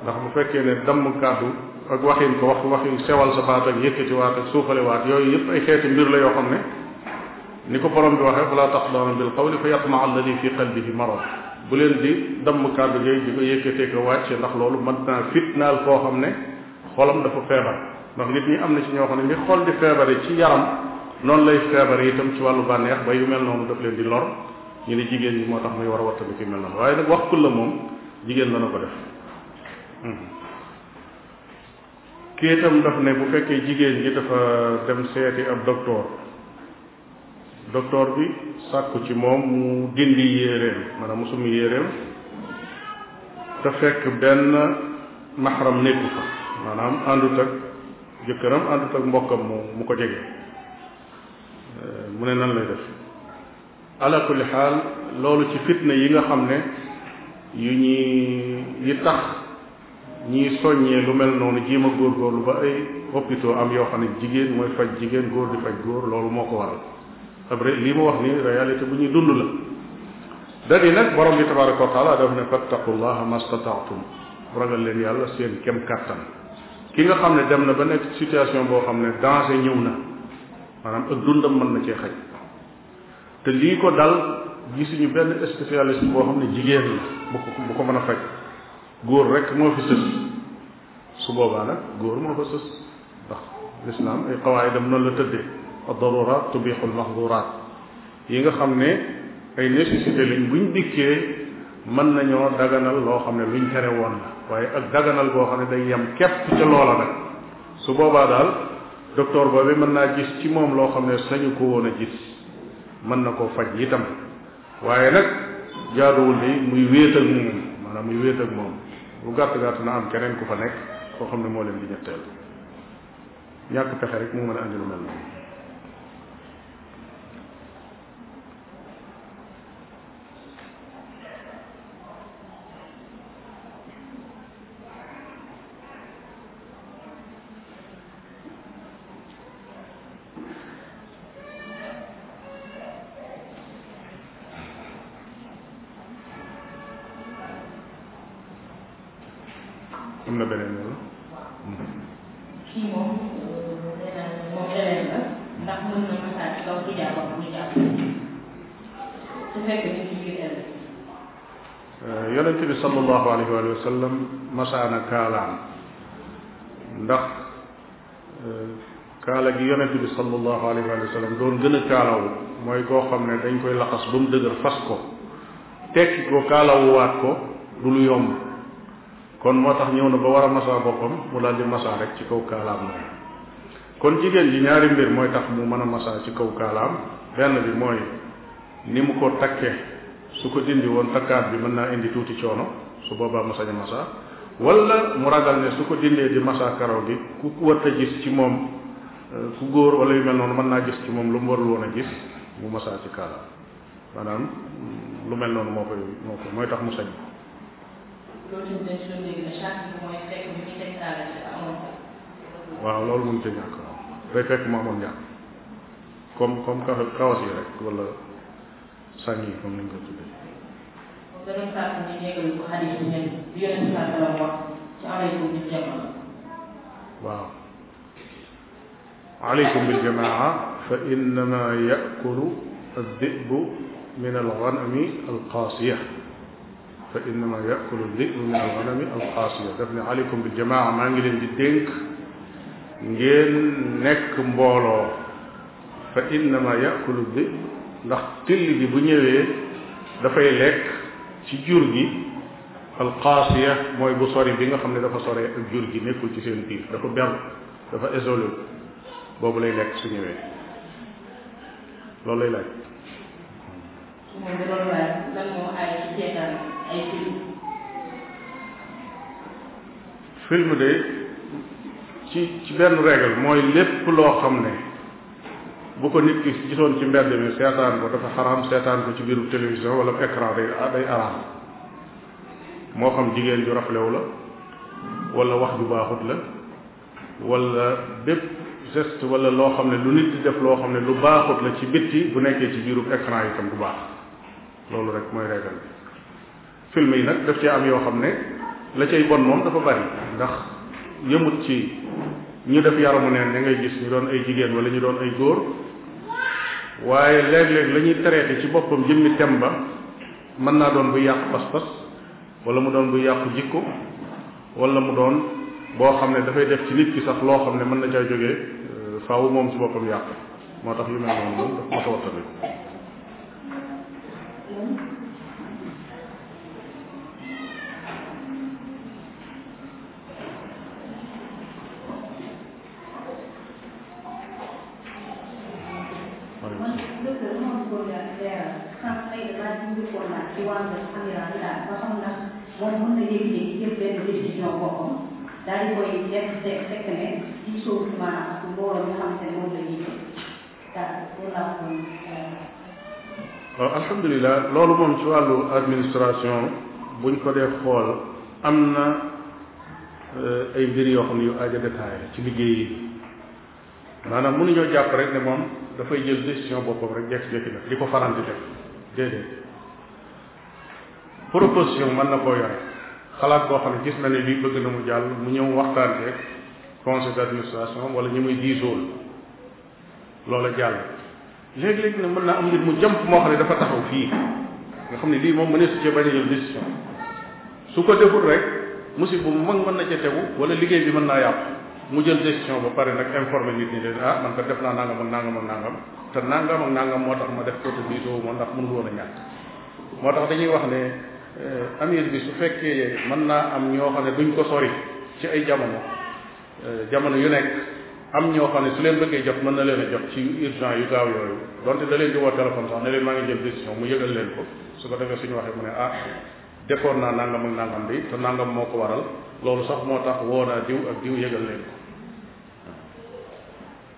ndax bu fekkee ne damm kàddu ak waxin ko wax waxin sewal sa baat ak yëkkati waat ak suufale waat yooyu yëpp ay xeeti mbir la yoo xam ne ni ko borom bi waxee fala taxdaana bil qawli fa yatma alladi fi qalbihi marad bu leen di damm kàddu yooyu di ko yëkkatee ko wàcce ndax loolu mën naa fitnaal koo xam ne xolam dafa feebar ndax nit ñi am na ci ñoo xam ne ni xool di feebare ci yaram noonu lay feebare itam ci wàllu bànneex ba yu mel noonu daf leen di lor ñu ne jigéen yi moo tax muy war a wattali ki mel noonu waaye nag wax kul la moom jigéen dana ko def hmm. kii itam daf ne bu fekkee jigéen ji dafa dem seeti ab docteur docteur bi sàkku ci moom mu dindi yéeréem maanaam mu summi yéeréem te fekk benn maxaram nekku fa maanaam àndut ak jëkkëram àndut ak mbokkam mu mu ko jege euh, mu ne nan lay def ala kulli xaal loolu ci fitna yi nga xam ne yu ñuy yi tax ñiy soññee lu mel noonu jéem a góorgóorlu ba ay hôpitaux am yoo xam ne jigéen mooy faj jigéen góor di faj góor loolu moo ko waral après lii mu wax ni réalité bu ñuy dund la dani nag borom bi tabaraka wa taala daf ne fattaqullaha mastatatum ragal leen yàlla seen kem kàttan ki nga xam ne dem na ba nekk situation boo xam ne danger ñëw na maanaam ak dundam mën na cee te lii ko dal gisuñu benn spécialiste boo xam ne jigéen la bu ko bu ko mën a faj góor rekk moo fi sës su boobaa nag góor moo fa sës ndax lislaam ay qawaayidam noonu la tëdde ad-darurat tubixu al-mahdurat yi nga xam ne ay nécessité lañ buñ dikkee mën nañoo daganal loo xam ne luñ tere woon la waaye ak daganal boo xam ne day yem képp ca loola nag su boobaa daal docteur boobu mën naa gis ci moom loo xam ne sañu ko woon a gis mën na koo faj yitam waaye nag jaaduwul ni muy wéet ak moom maanaam muy wéet ak moom bu gàtt gàtt na am keneen ku fa nekk koo xam ne moo leen di ñetteel ñàkk pexe rek mu mën a andi mel sallam masaana kaalaam ndax e, kaala gi yonent bi sallallahu alayhi wa sallam doon gën a mooy koo xam ne dañ koy laxas ba mu dëgër fas ko tekki ko kaalawuwaat ko du lu yomb kon moo tax ñëw na ba war a masaa boppam mu daal masaa rek ci kaw kaalaam moom kon jigéen ji ñaari mbir mooy tax mu mën a masaa ci kaw kaalaam benn bi mooy ni mu ko takke su ko dindi woon takkaat bi mën naa indi tuuti coono su boobaa mu sañ a masa wala mu ragal ne su ko dindee di masa karaw gi ku war a gis ci moom euh, ku góor wala yu mel noonu mën naa gis ci moom lu mu warul woon a gis mu masa ci kaala maanaam lu mel noonu moo koy moo koy mooy tax mu sañ ko. loolu dañ si doon dégg ne charte bi mooy fekk bi ñu teg kaala ci amoon ko. waaw loolu mënut a ñàkk waaw day fekk mu amoon ñàkk comme comme kawas yi rek wala sànni yi comme ni ñu ko tuddee. danañ fàttali ñu yeggali ko xadis bi ne bi yonent saa salaam wax ci aleykum bil jamaa waaw aleykum bil jamaa fa innama yakulu addibu min alganami alqaasiya fa innama yakulu addibu min alganami alqaasiya daf ne aleykum bil jamaa maa ngi leen di dénk ngeen nekk mbooloo fa innama yakulu dib ndax till gi bu ñëwee dafay lekk ci jur gi alqaasiya mooy bu sori bi nga xam ne dafa sore ak jur gi nekkul ci seen biir dafa ber dafa isolé boobu lay lekk su ñëwee loolu lay laaj. mooy da ci film. film de ci ci benn règle mooy lépp loo xam ne. bu ko nit ki gisoon ci mbedd bi seetaan ko dafa xaraam seetaan ko ci biiru télévision wala écran day day araam moo xam jigéen ju raflew la walla wax ju baaxut la wala bépp geste wala loo xam ne lu nit di def loo xam ne lu baaxut la ci bitti bu nekkee ci biiru écran yi tam bu baax loolu rek mooy régal bi film yi nag daf cee am yoo xam ne la cay bon moom dafa bari ndax yëmut ci ñu def yaramu neen da ngay gis ñu doon ay jigéen wala ñu doon ay góor waaye léeg-léeg la ñuy traité ci boppam jëmmi tem ba mën naa doon bu yàqu pas-pas wala mu doon bu yàqu jikko wala mu doon boo xam ne dafay def ci nit ki sax loo xam ne mën na caa jóge euh, faaw moom ci boppam yàq moo tax yu mel noonu moom daf ko tawatale ci wàllu loolu moom ci wàllu administration buñ ko dee xool am na ay mbir yoo xam yu aja détaillé ci liggéey yi maanaam mënuñoo jàpp rek ne moom dafay jël décision boppam rek jekk-jekki def li ko faral di def déedéet proposition mën na koo yore xalaat koo xam ne gis na ne lii bëgg na mu jàll mu ñëw waxtaan rek conseil d'administration wala ñi muy diisool loola jàll léeg-léeg ne mën naa am nit mu jëm moo xam ne dafa taxaw fii nga xam ne lii moom mënees ci bañ a jël décision su ko deful rek musib bu mag mën na ca tegu wala liggéey bi mën naa yàqu mu jël décision ba pare nag informé nit ñi leen ah man ko def naa nangam ak nangam ak nangam te nangam ak nangam moo tax ma def ko te a ñàkk moo tax dañuy Eh, amir bi su fekkee mën naa am ñoo xam ne duñ ko sori ci ay jamono eh, jamono yu nekk am ñoo xam ne su leen bëggee jot mën na leen a jot ci urgent yu gaaw yooyu donte da leen di woo téléphone sax ne leen maa ngi jël décision mu yëgal leen ko su ko defee suñu waxee mu ne ah defoon naa nangam ak nangam bi te nangam moo ko waral loolu sax moo tax woo naa diw ak diw yëgal leen ko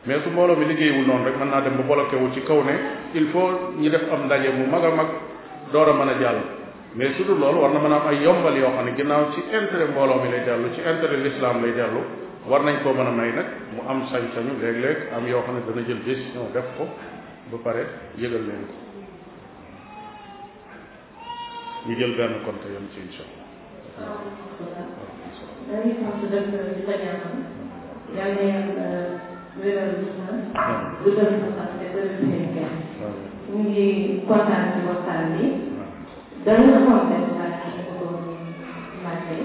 mais su mbooloo mi liggéeywul noonu rek mën naa dem ba bloqué wu ci kaw ne il faut ñu def am ndaje mu mag a mag door mën a jàll mais su dul loolu war na man a am ay yombal yoo xam ne ginnaaw ci intérêt mbooloo mi lay dellu ci intérêt l'islam lay dellu war nañ koo mën a may nag mu am sañ-sañu léeg-léeg am yoo xam ne dana jël décision def ko ba pare yëgal leen ko ñu jël benn compte yam ci incha allah. dañuy sant docteur di ko ñaanal yàlla dana compensation économique marché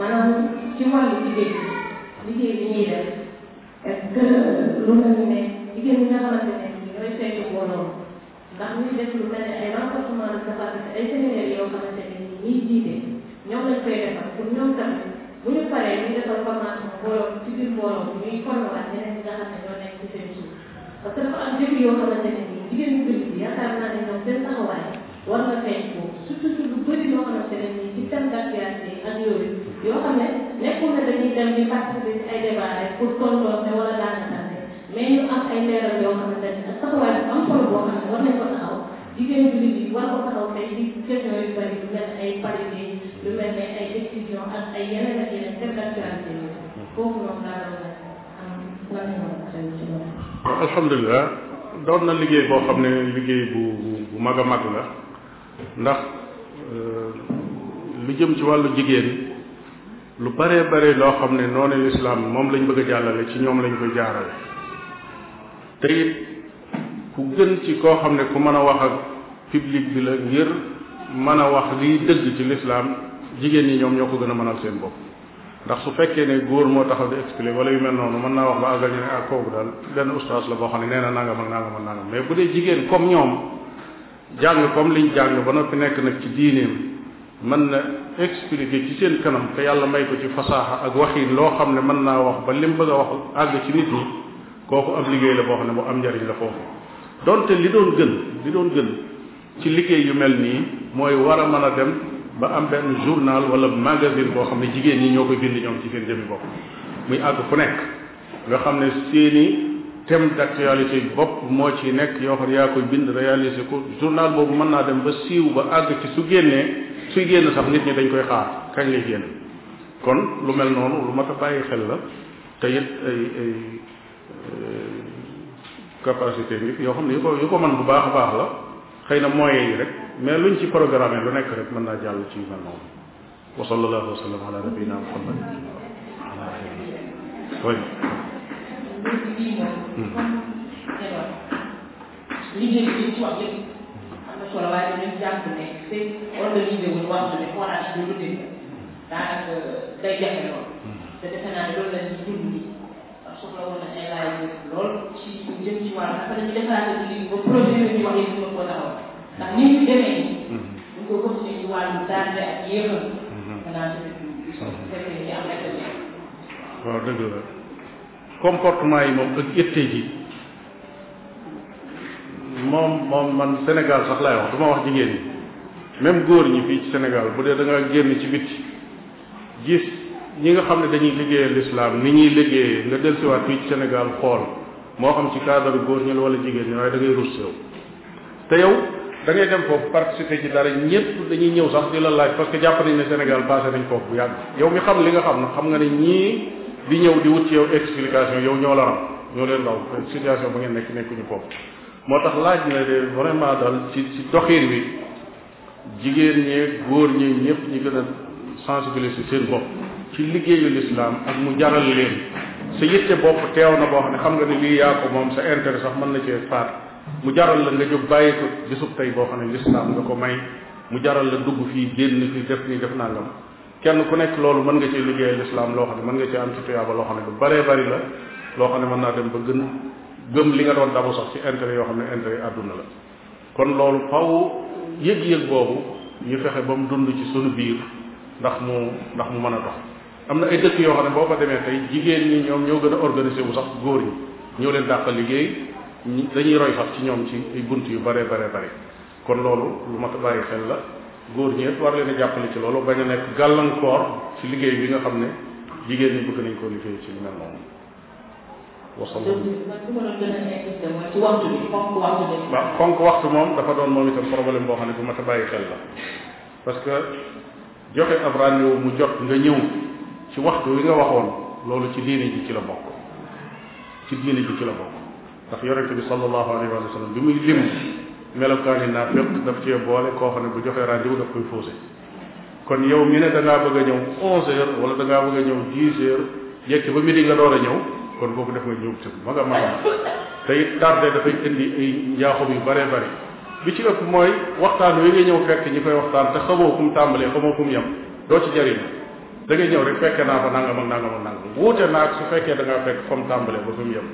maanaam ci wàllu liggéey liggéey bi ñuy def est-ce que lu mel ne jigéen ñi nga xamante ne ñooy saytu mbooloo ndax ñuy def lu mel ne ay renforcement de capacité ay séminaires yoo xamante ne ni ñiy jiite ñoom lañ koy defal pour ñoom tamit bu ñu paree ñu defal formation mbooloo ci biir mbooloo ñuy formewaat ñeneen ñi nga xam ne ñoo nekk ci seen suuf parce que dafa am jëf yoo xamante ne ni jigéen ñi jullit yi yaakaar naa ne ñoom seen taxawaay war nga feeñ ko surtout lu bëri loo xamante ne nii système d'actualité ak yooyu yoo xam ne nekkul ne dañuy dem di participer ci ay débat rek pour contourner wala daanakaante mais ñu am ay leeral yoo xamante ne ak taxawaay bu am solo boo xam ne war nañ ko taxaw jigéen jullit yi war ko taxaw tey ci question yu bëri lu mel ne ay parité lu mel ne ay décision ak ay yeneen ak yeneen système d'actualité yooyu foofu noonu laa doon la am lan la war a xew ci loolu. waaw alhamdulilah doon na liggéey boo xam ne liggéey bu bu mag a mag la. ndax euh, lu jëm ci wàllu jigéen lu bare bare loo xam ne noonu lislaam moom lañ bëgg a jàllale ci ñoom lañ koy jaarale te it ku gën ci koo xam ne ku mën a wax ak public bi la ngir mën a wax liy dëgg ci lislaam jigéen ñi ñoom ñoo ko gën a mënal seen bopp ndax su fekkee ne góor moo taxaw di expliqué wala yu mel noonu mën naa wax ba àggal ñu ne ak ah, kooku daal benn ustaas la boo xam ne nee na nangam ak nangam ak nangam mais bu dee jigéen comme ñoom jàng comme liñ jàng ba noppi nekk nag ci diineem mën na expliquer ci seen kanam te yàlla mbay ko ci fasaaxa ak waxin loo xam ne mën naa wax ba lim bëgg a wax àgg ci nit ñi kooku ab liggéey la boo xam ne bu am njariñ la foofu donte li doon gën li doon gën ci liggéey yu mel nii mooy war a mën a dem ba am benn journal wala magazine boo xam ne jigéen ñi ñoo koy bind ñoom ci seen jëmmi bopp muy àgg fu nekk nga xam ne seeni thème d'actualité bopp moo ci nekk yoo xam yaa koy bind réalisé ko journal boobu mën naa dem ba siiw ba àgg ci su génnee suy génn sax nit ñi dañ koy xaar kañ lay génn kon lu mel noonu lu ma a bàyyi xel la te it ay ay capacité bi yoo xam ne yu ko yu ko mën bu baax a baax la xëy na moyens yi rek mais luñ ci programme lu nekk rek mën naa jàll ci yu mel noonu wa sallallahu wa sallam ala nabiyina muhammad loolu lii moom. comme jamono liggéey bi ci wax yëpp am na solo waaye dañuy jàpp ne te organisé wu ñu wax ne forage bi lu dégg daanaka day jafe lool. te defe naa ne loolu la ñuy dund nii ndax soxla woon na ay laaj lool ci jëm ci wàll naka la ñuy defaraatee ci liggéey ba projet la ñuy wax yëpp ñu ko taxawal ndax ni ñu demee nii. bu ñu ko continué ci wàllu tardé ak yéexal. maanaam tamit bu fekkee ne am na waaw dëgg la. comportement yi moom ak itte ji moom moom man Sénégal sax lay wax du wax jigéen ñi même góor ñi fii ci Sénégal bu dee da nga génn ci bitti gis ñi nga xam ne dañuy liggéeyal lislaam ni ñuy liggéeyee nga dellusiwaat fii ci Sénégal xool moo xam ci cadre góor ñi la wala jigéen ñi waaye da ngay rus te yow da dem foofu participer ci dara ñëpp dañuy ñëw sax di la laaj parce que jàpp nañ ne Sénégal passé nañ foofu bu yàgg yow mi xam li nga xam na xam nga ne ñii di ñëw di wut ci yow explication yow ñoo la ram ñoo leen raw situation ba ngeen nekk nekkuñu foofu moo tax laaj na leen vraiment daal ci ci doxiin bi jigéen ñee góor ñi ñëpp ñi gën a sensibiliser seen bopp ci liggéeyu lislaam ak mu jaral leen sa yitte bopp teew na boo xam ne xam nga ni lii yaa moom sa intérêt sax mën na cee faat mu jaral la nga jóg bàyyi ko bisub tey boo xam ne lislaam nga ko may mu jaral la dugg fii génn fii def nii def naa nangam kenn ku nekk loolu mën nga ci liggéeyal lislaam loo xam ne mën nga ci am ci tuyaaba loo xam ne lu baree bari la loo xam ne mën naa dem ba gën gëm li nga doon dabu sax ci intérêt yoo xam ne intérêt àdduna la kon loolu faw yëg-yëg boobu ñu fexe ba mu dund ci sunu biir ndax mu ndax mu mën a dox am na ay dëkk yoo xam ne boo fa demee tey jigéen ñi ñoom ñoo gën a organisé bu sax góor ñi ñoo leen dàq liggéey dañuy roy sax ci ñoom ci ay bunt yu bare bare bare kon loolu lu mat xel la góor ñi yëpp war leen a jàppale ci loolu bañ a nekk gàllankoor ci liggéey bi nga xam ne jigéen ñi bëgg nañ koo liggéey ci lu mel noonu. wasalaam waxtu fonk waxtu moom dafa doon moom itam problème boo xam ne bu ma te bàyyi xel la parce que joxe ab rendez mu jot nga ñëw ci waxtu wi nga waxoon loolu ci diine ji ci la bokk ci diine ji ci la bokk ndax yonente bi sallallahu alayhi wa sallam bi muy lim. melokaani naafiq daf cee boole koo xam ne bu joxee di vous daf koy fausser kon yow mi ne da ngaa bëgg a ñëw onze heures wala da ngaa bëgg a ñëw dix heures yekk ba midi nga door a ñëw kon kooku def nga ñëw te mag a mag a te it tardé dafay indi ay njaaxum bare bare bi ci ëpp mooy waxtaan wi nga ñëw fekk ñi koy waxtaan te xamoo fu mu tàmbalee xamoo fu mu yem doo ci jariñ da ngay ñëw rek fekkee naa fa nangam ak nangam ak nangam wuute naa ak su fekkee da ngaa fekk fa mu tàmbalee ba fi mu yem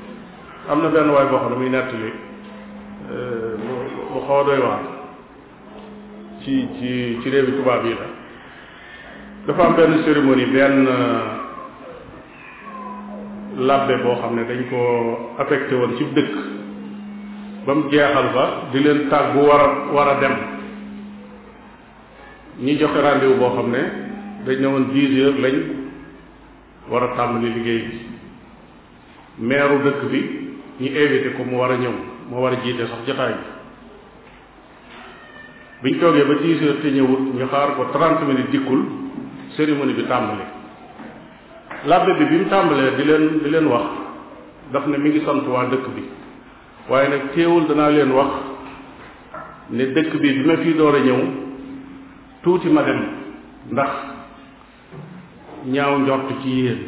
am na benn waay boo xam ne muy nettali lu xaw a doy waar ci ci ci réewi tubaab yi la dafa am benn cérémonie benn euh, labbe boo xam ne dañ ko affecté woon ci dëkk ba mu jeexal fa di leen tàggu war a war a dem ñi joxe rendez-vous boo xam ne dañ ne woon dix lañ war a tàmbali liggéey bi meeru dëkk bi ñu invité ko mu war a ñëw moo war a jiite sax jotaay bi biñ toogee ba dix heures te ñëwut ñu xaar ko trente minutes dikkul cérémonie bi tàmbali labbe bi bi mu tàmbalee di leen di leen wax daf ne mi ngi sant waa dëkk bi waaye nag teewul danaa leen wax ne dëkk bi bi ma fii door a ñëw tuuti ma dem ndax ñaaw njort ci yéen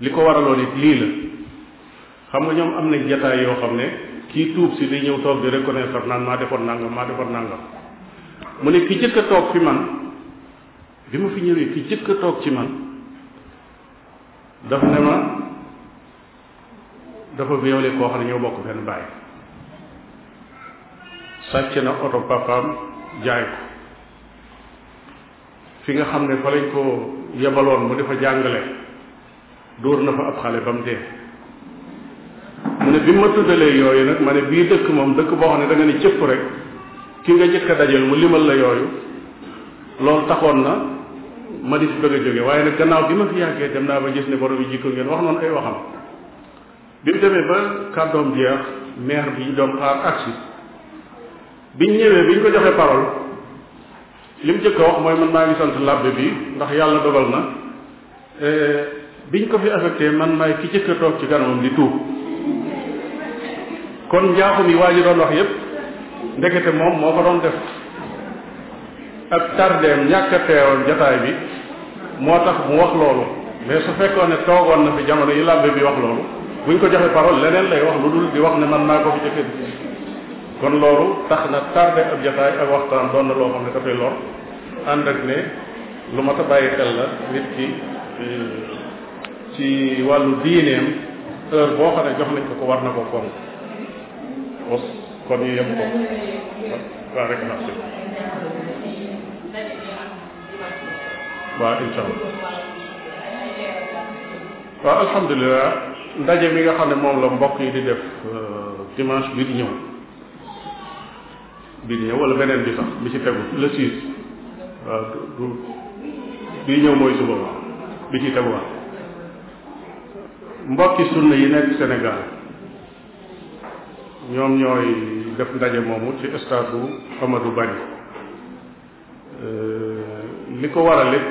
li ko waraloo it lii la xam nga ñoom am nañ jataay yoo xam ne ci tuub si day ñëw toog bi reconnaître naan maa defoon nangam maa defoon nangam mu ne ki jëkk a toog fi man bi ma fi ñëwee ki jëkk a toog ci man dafa ne ma dafa violé koo xam ne ñoo bokk benn bàyyi sàcc na oto papaam jaay ko fi nga xam ne fa lañ ko yebaloon mu dafa jàngale dóor na fa ab xale ba mu dee mu ne bi ma tuddalee yooyu nag ma ne bii dëkk moom dëkk boo xam ne da nga ne cëpp rek ki nga jëkk a dajal mu limal la yooyu loolu taxoon na ma di si bëgg a jóge waaye nag gannaaw bi ma fi yàggee dem naa ba gis ne borom yi jikko ngeen wax ay waxam bi mu demee ba kàddoom jeex maire bi doon xaar agsi biñ ñëwee biñ ko joxee parole li jëkk wax mooy man maa ngi sant labbe bi ndax yàlla dogal na eh, bi ñu ko fi affecté man maay ki jëkk toog ci kanamam di tuub kon njaaxum yi waa ji doon wax yépp ndekete moom moo ko doon def ak tardeem ñàkk a jataay bi moo tax mu wax loolu mais su fekkoon ne toogoon na fi jamono yi làmbe bi wax loolu buñ ko joxe parole leneen lay wax lu dul di wax ne man naa ko fi jëkkër kon loolu tax na tardé ab jataay ak waxtaan doon na loo xam ne dafay lor ànd ak ne lu mat a bàyyi xel la nit ki euh, ci wàllu diineem heure boo xam ne jox nañ ko ko war na ko kon os kon ñu yem ko waaw rek na si waaw incha allah alhamdulilah ndaje mi nga xam ne moom la mbokk yi di def euh, dimanche bii di ñëw bii di ñëw wala beneen bi sax bi ci tegu le six waaw bii ñëw mooy suba bi ci teguwaat mbokki sunna yi nekk Sénégal ñoom ñooy def ndaje moomu ci stade bu Amadou Barry euh, li ko waral it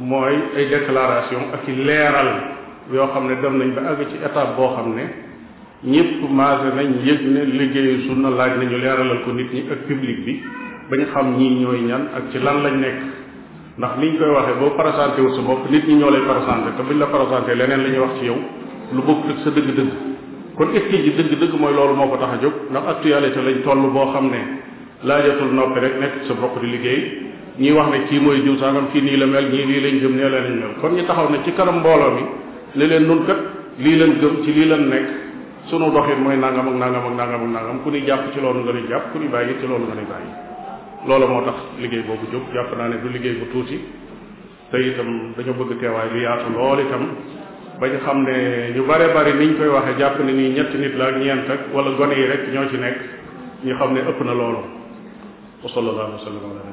mooy ay déclaration ak i leeral yoo xam ne dem nañ ba àgg ci étape boo xam ne ñëpp maase nañ yëg ne liggéeyu sunna laaj nañu leeralal ko nit ñi ak public bi bañ xam ñii ñooy ñan ak ci lan lañ nekk ndax liñ koy waxee boo présenté wu sa bopp nit ñi ñoo lay présenté te buñ la présenté leneen la ñuy wax ci yow lu bokk ak sa dëgg-dëgg kon explique ji dëgg-dëgg mooy loolu moo ko tax a jóg ndax actualité lañ toll boo xam ne laajatul noppi rek nekk sa bopp di liggéey ñii wax ne kii mooy jiw sangam kii nii la mel ñii lii lañ gëm nee la lañ mel kon ñu taxaw ne ci kanam mbooloo mi ne leen nun lii leen gëm ci lii leen nekk sunu doxin mooy nangam ak nangam ak nangam ak nangam ku ni jàpp ci loolu nga ni jàpp ku ni bàyyi ci loolu nga ni bàyyi loolu moo tax liggéey boobu jóg jàpp naa ne liggéey bu tuuti te itam dañoo bëgg teewaay lu yaatu lool itam ba ñu xam ne ñu bare bari ñu koy waxee jàpp ne nii ñetti nit la ak ñeent ak wala gone yi rek ñoo ci nekk ñu xam ne ëpp na loolu wa la alayhi wa sallam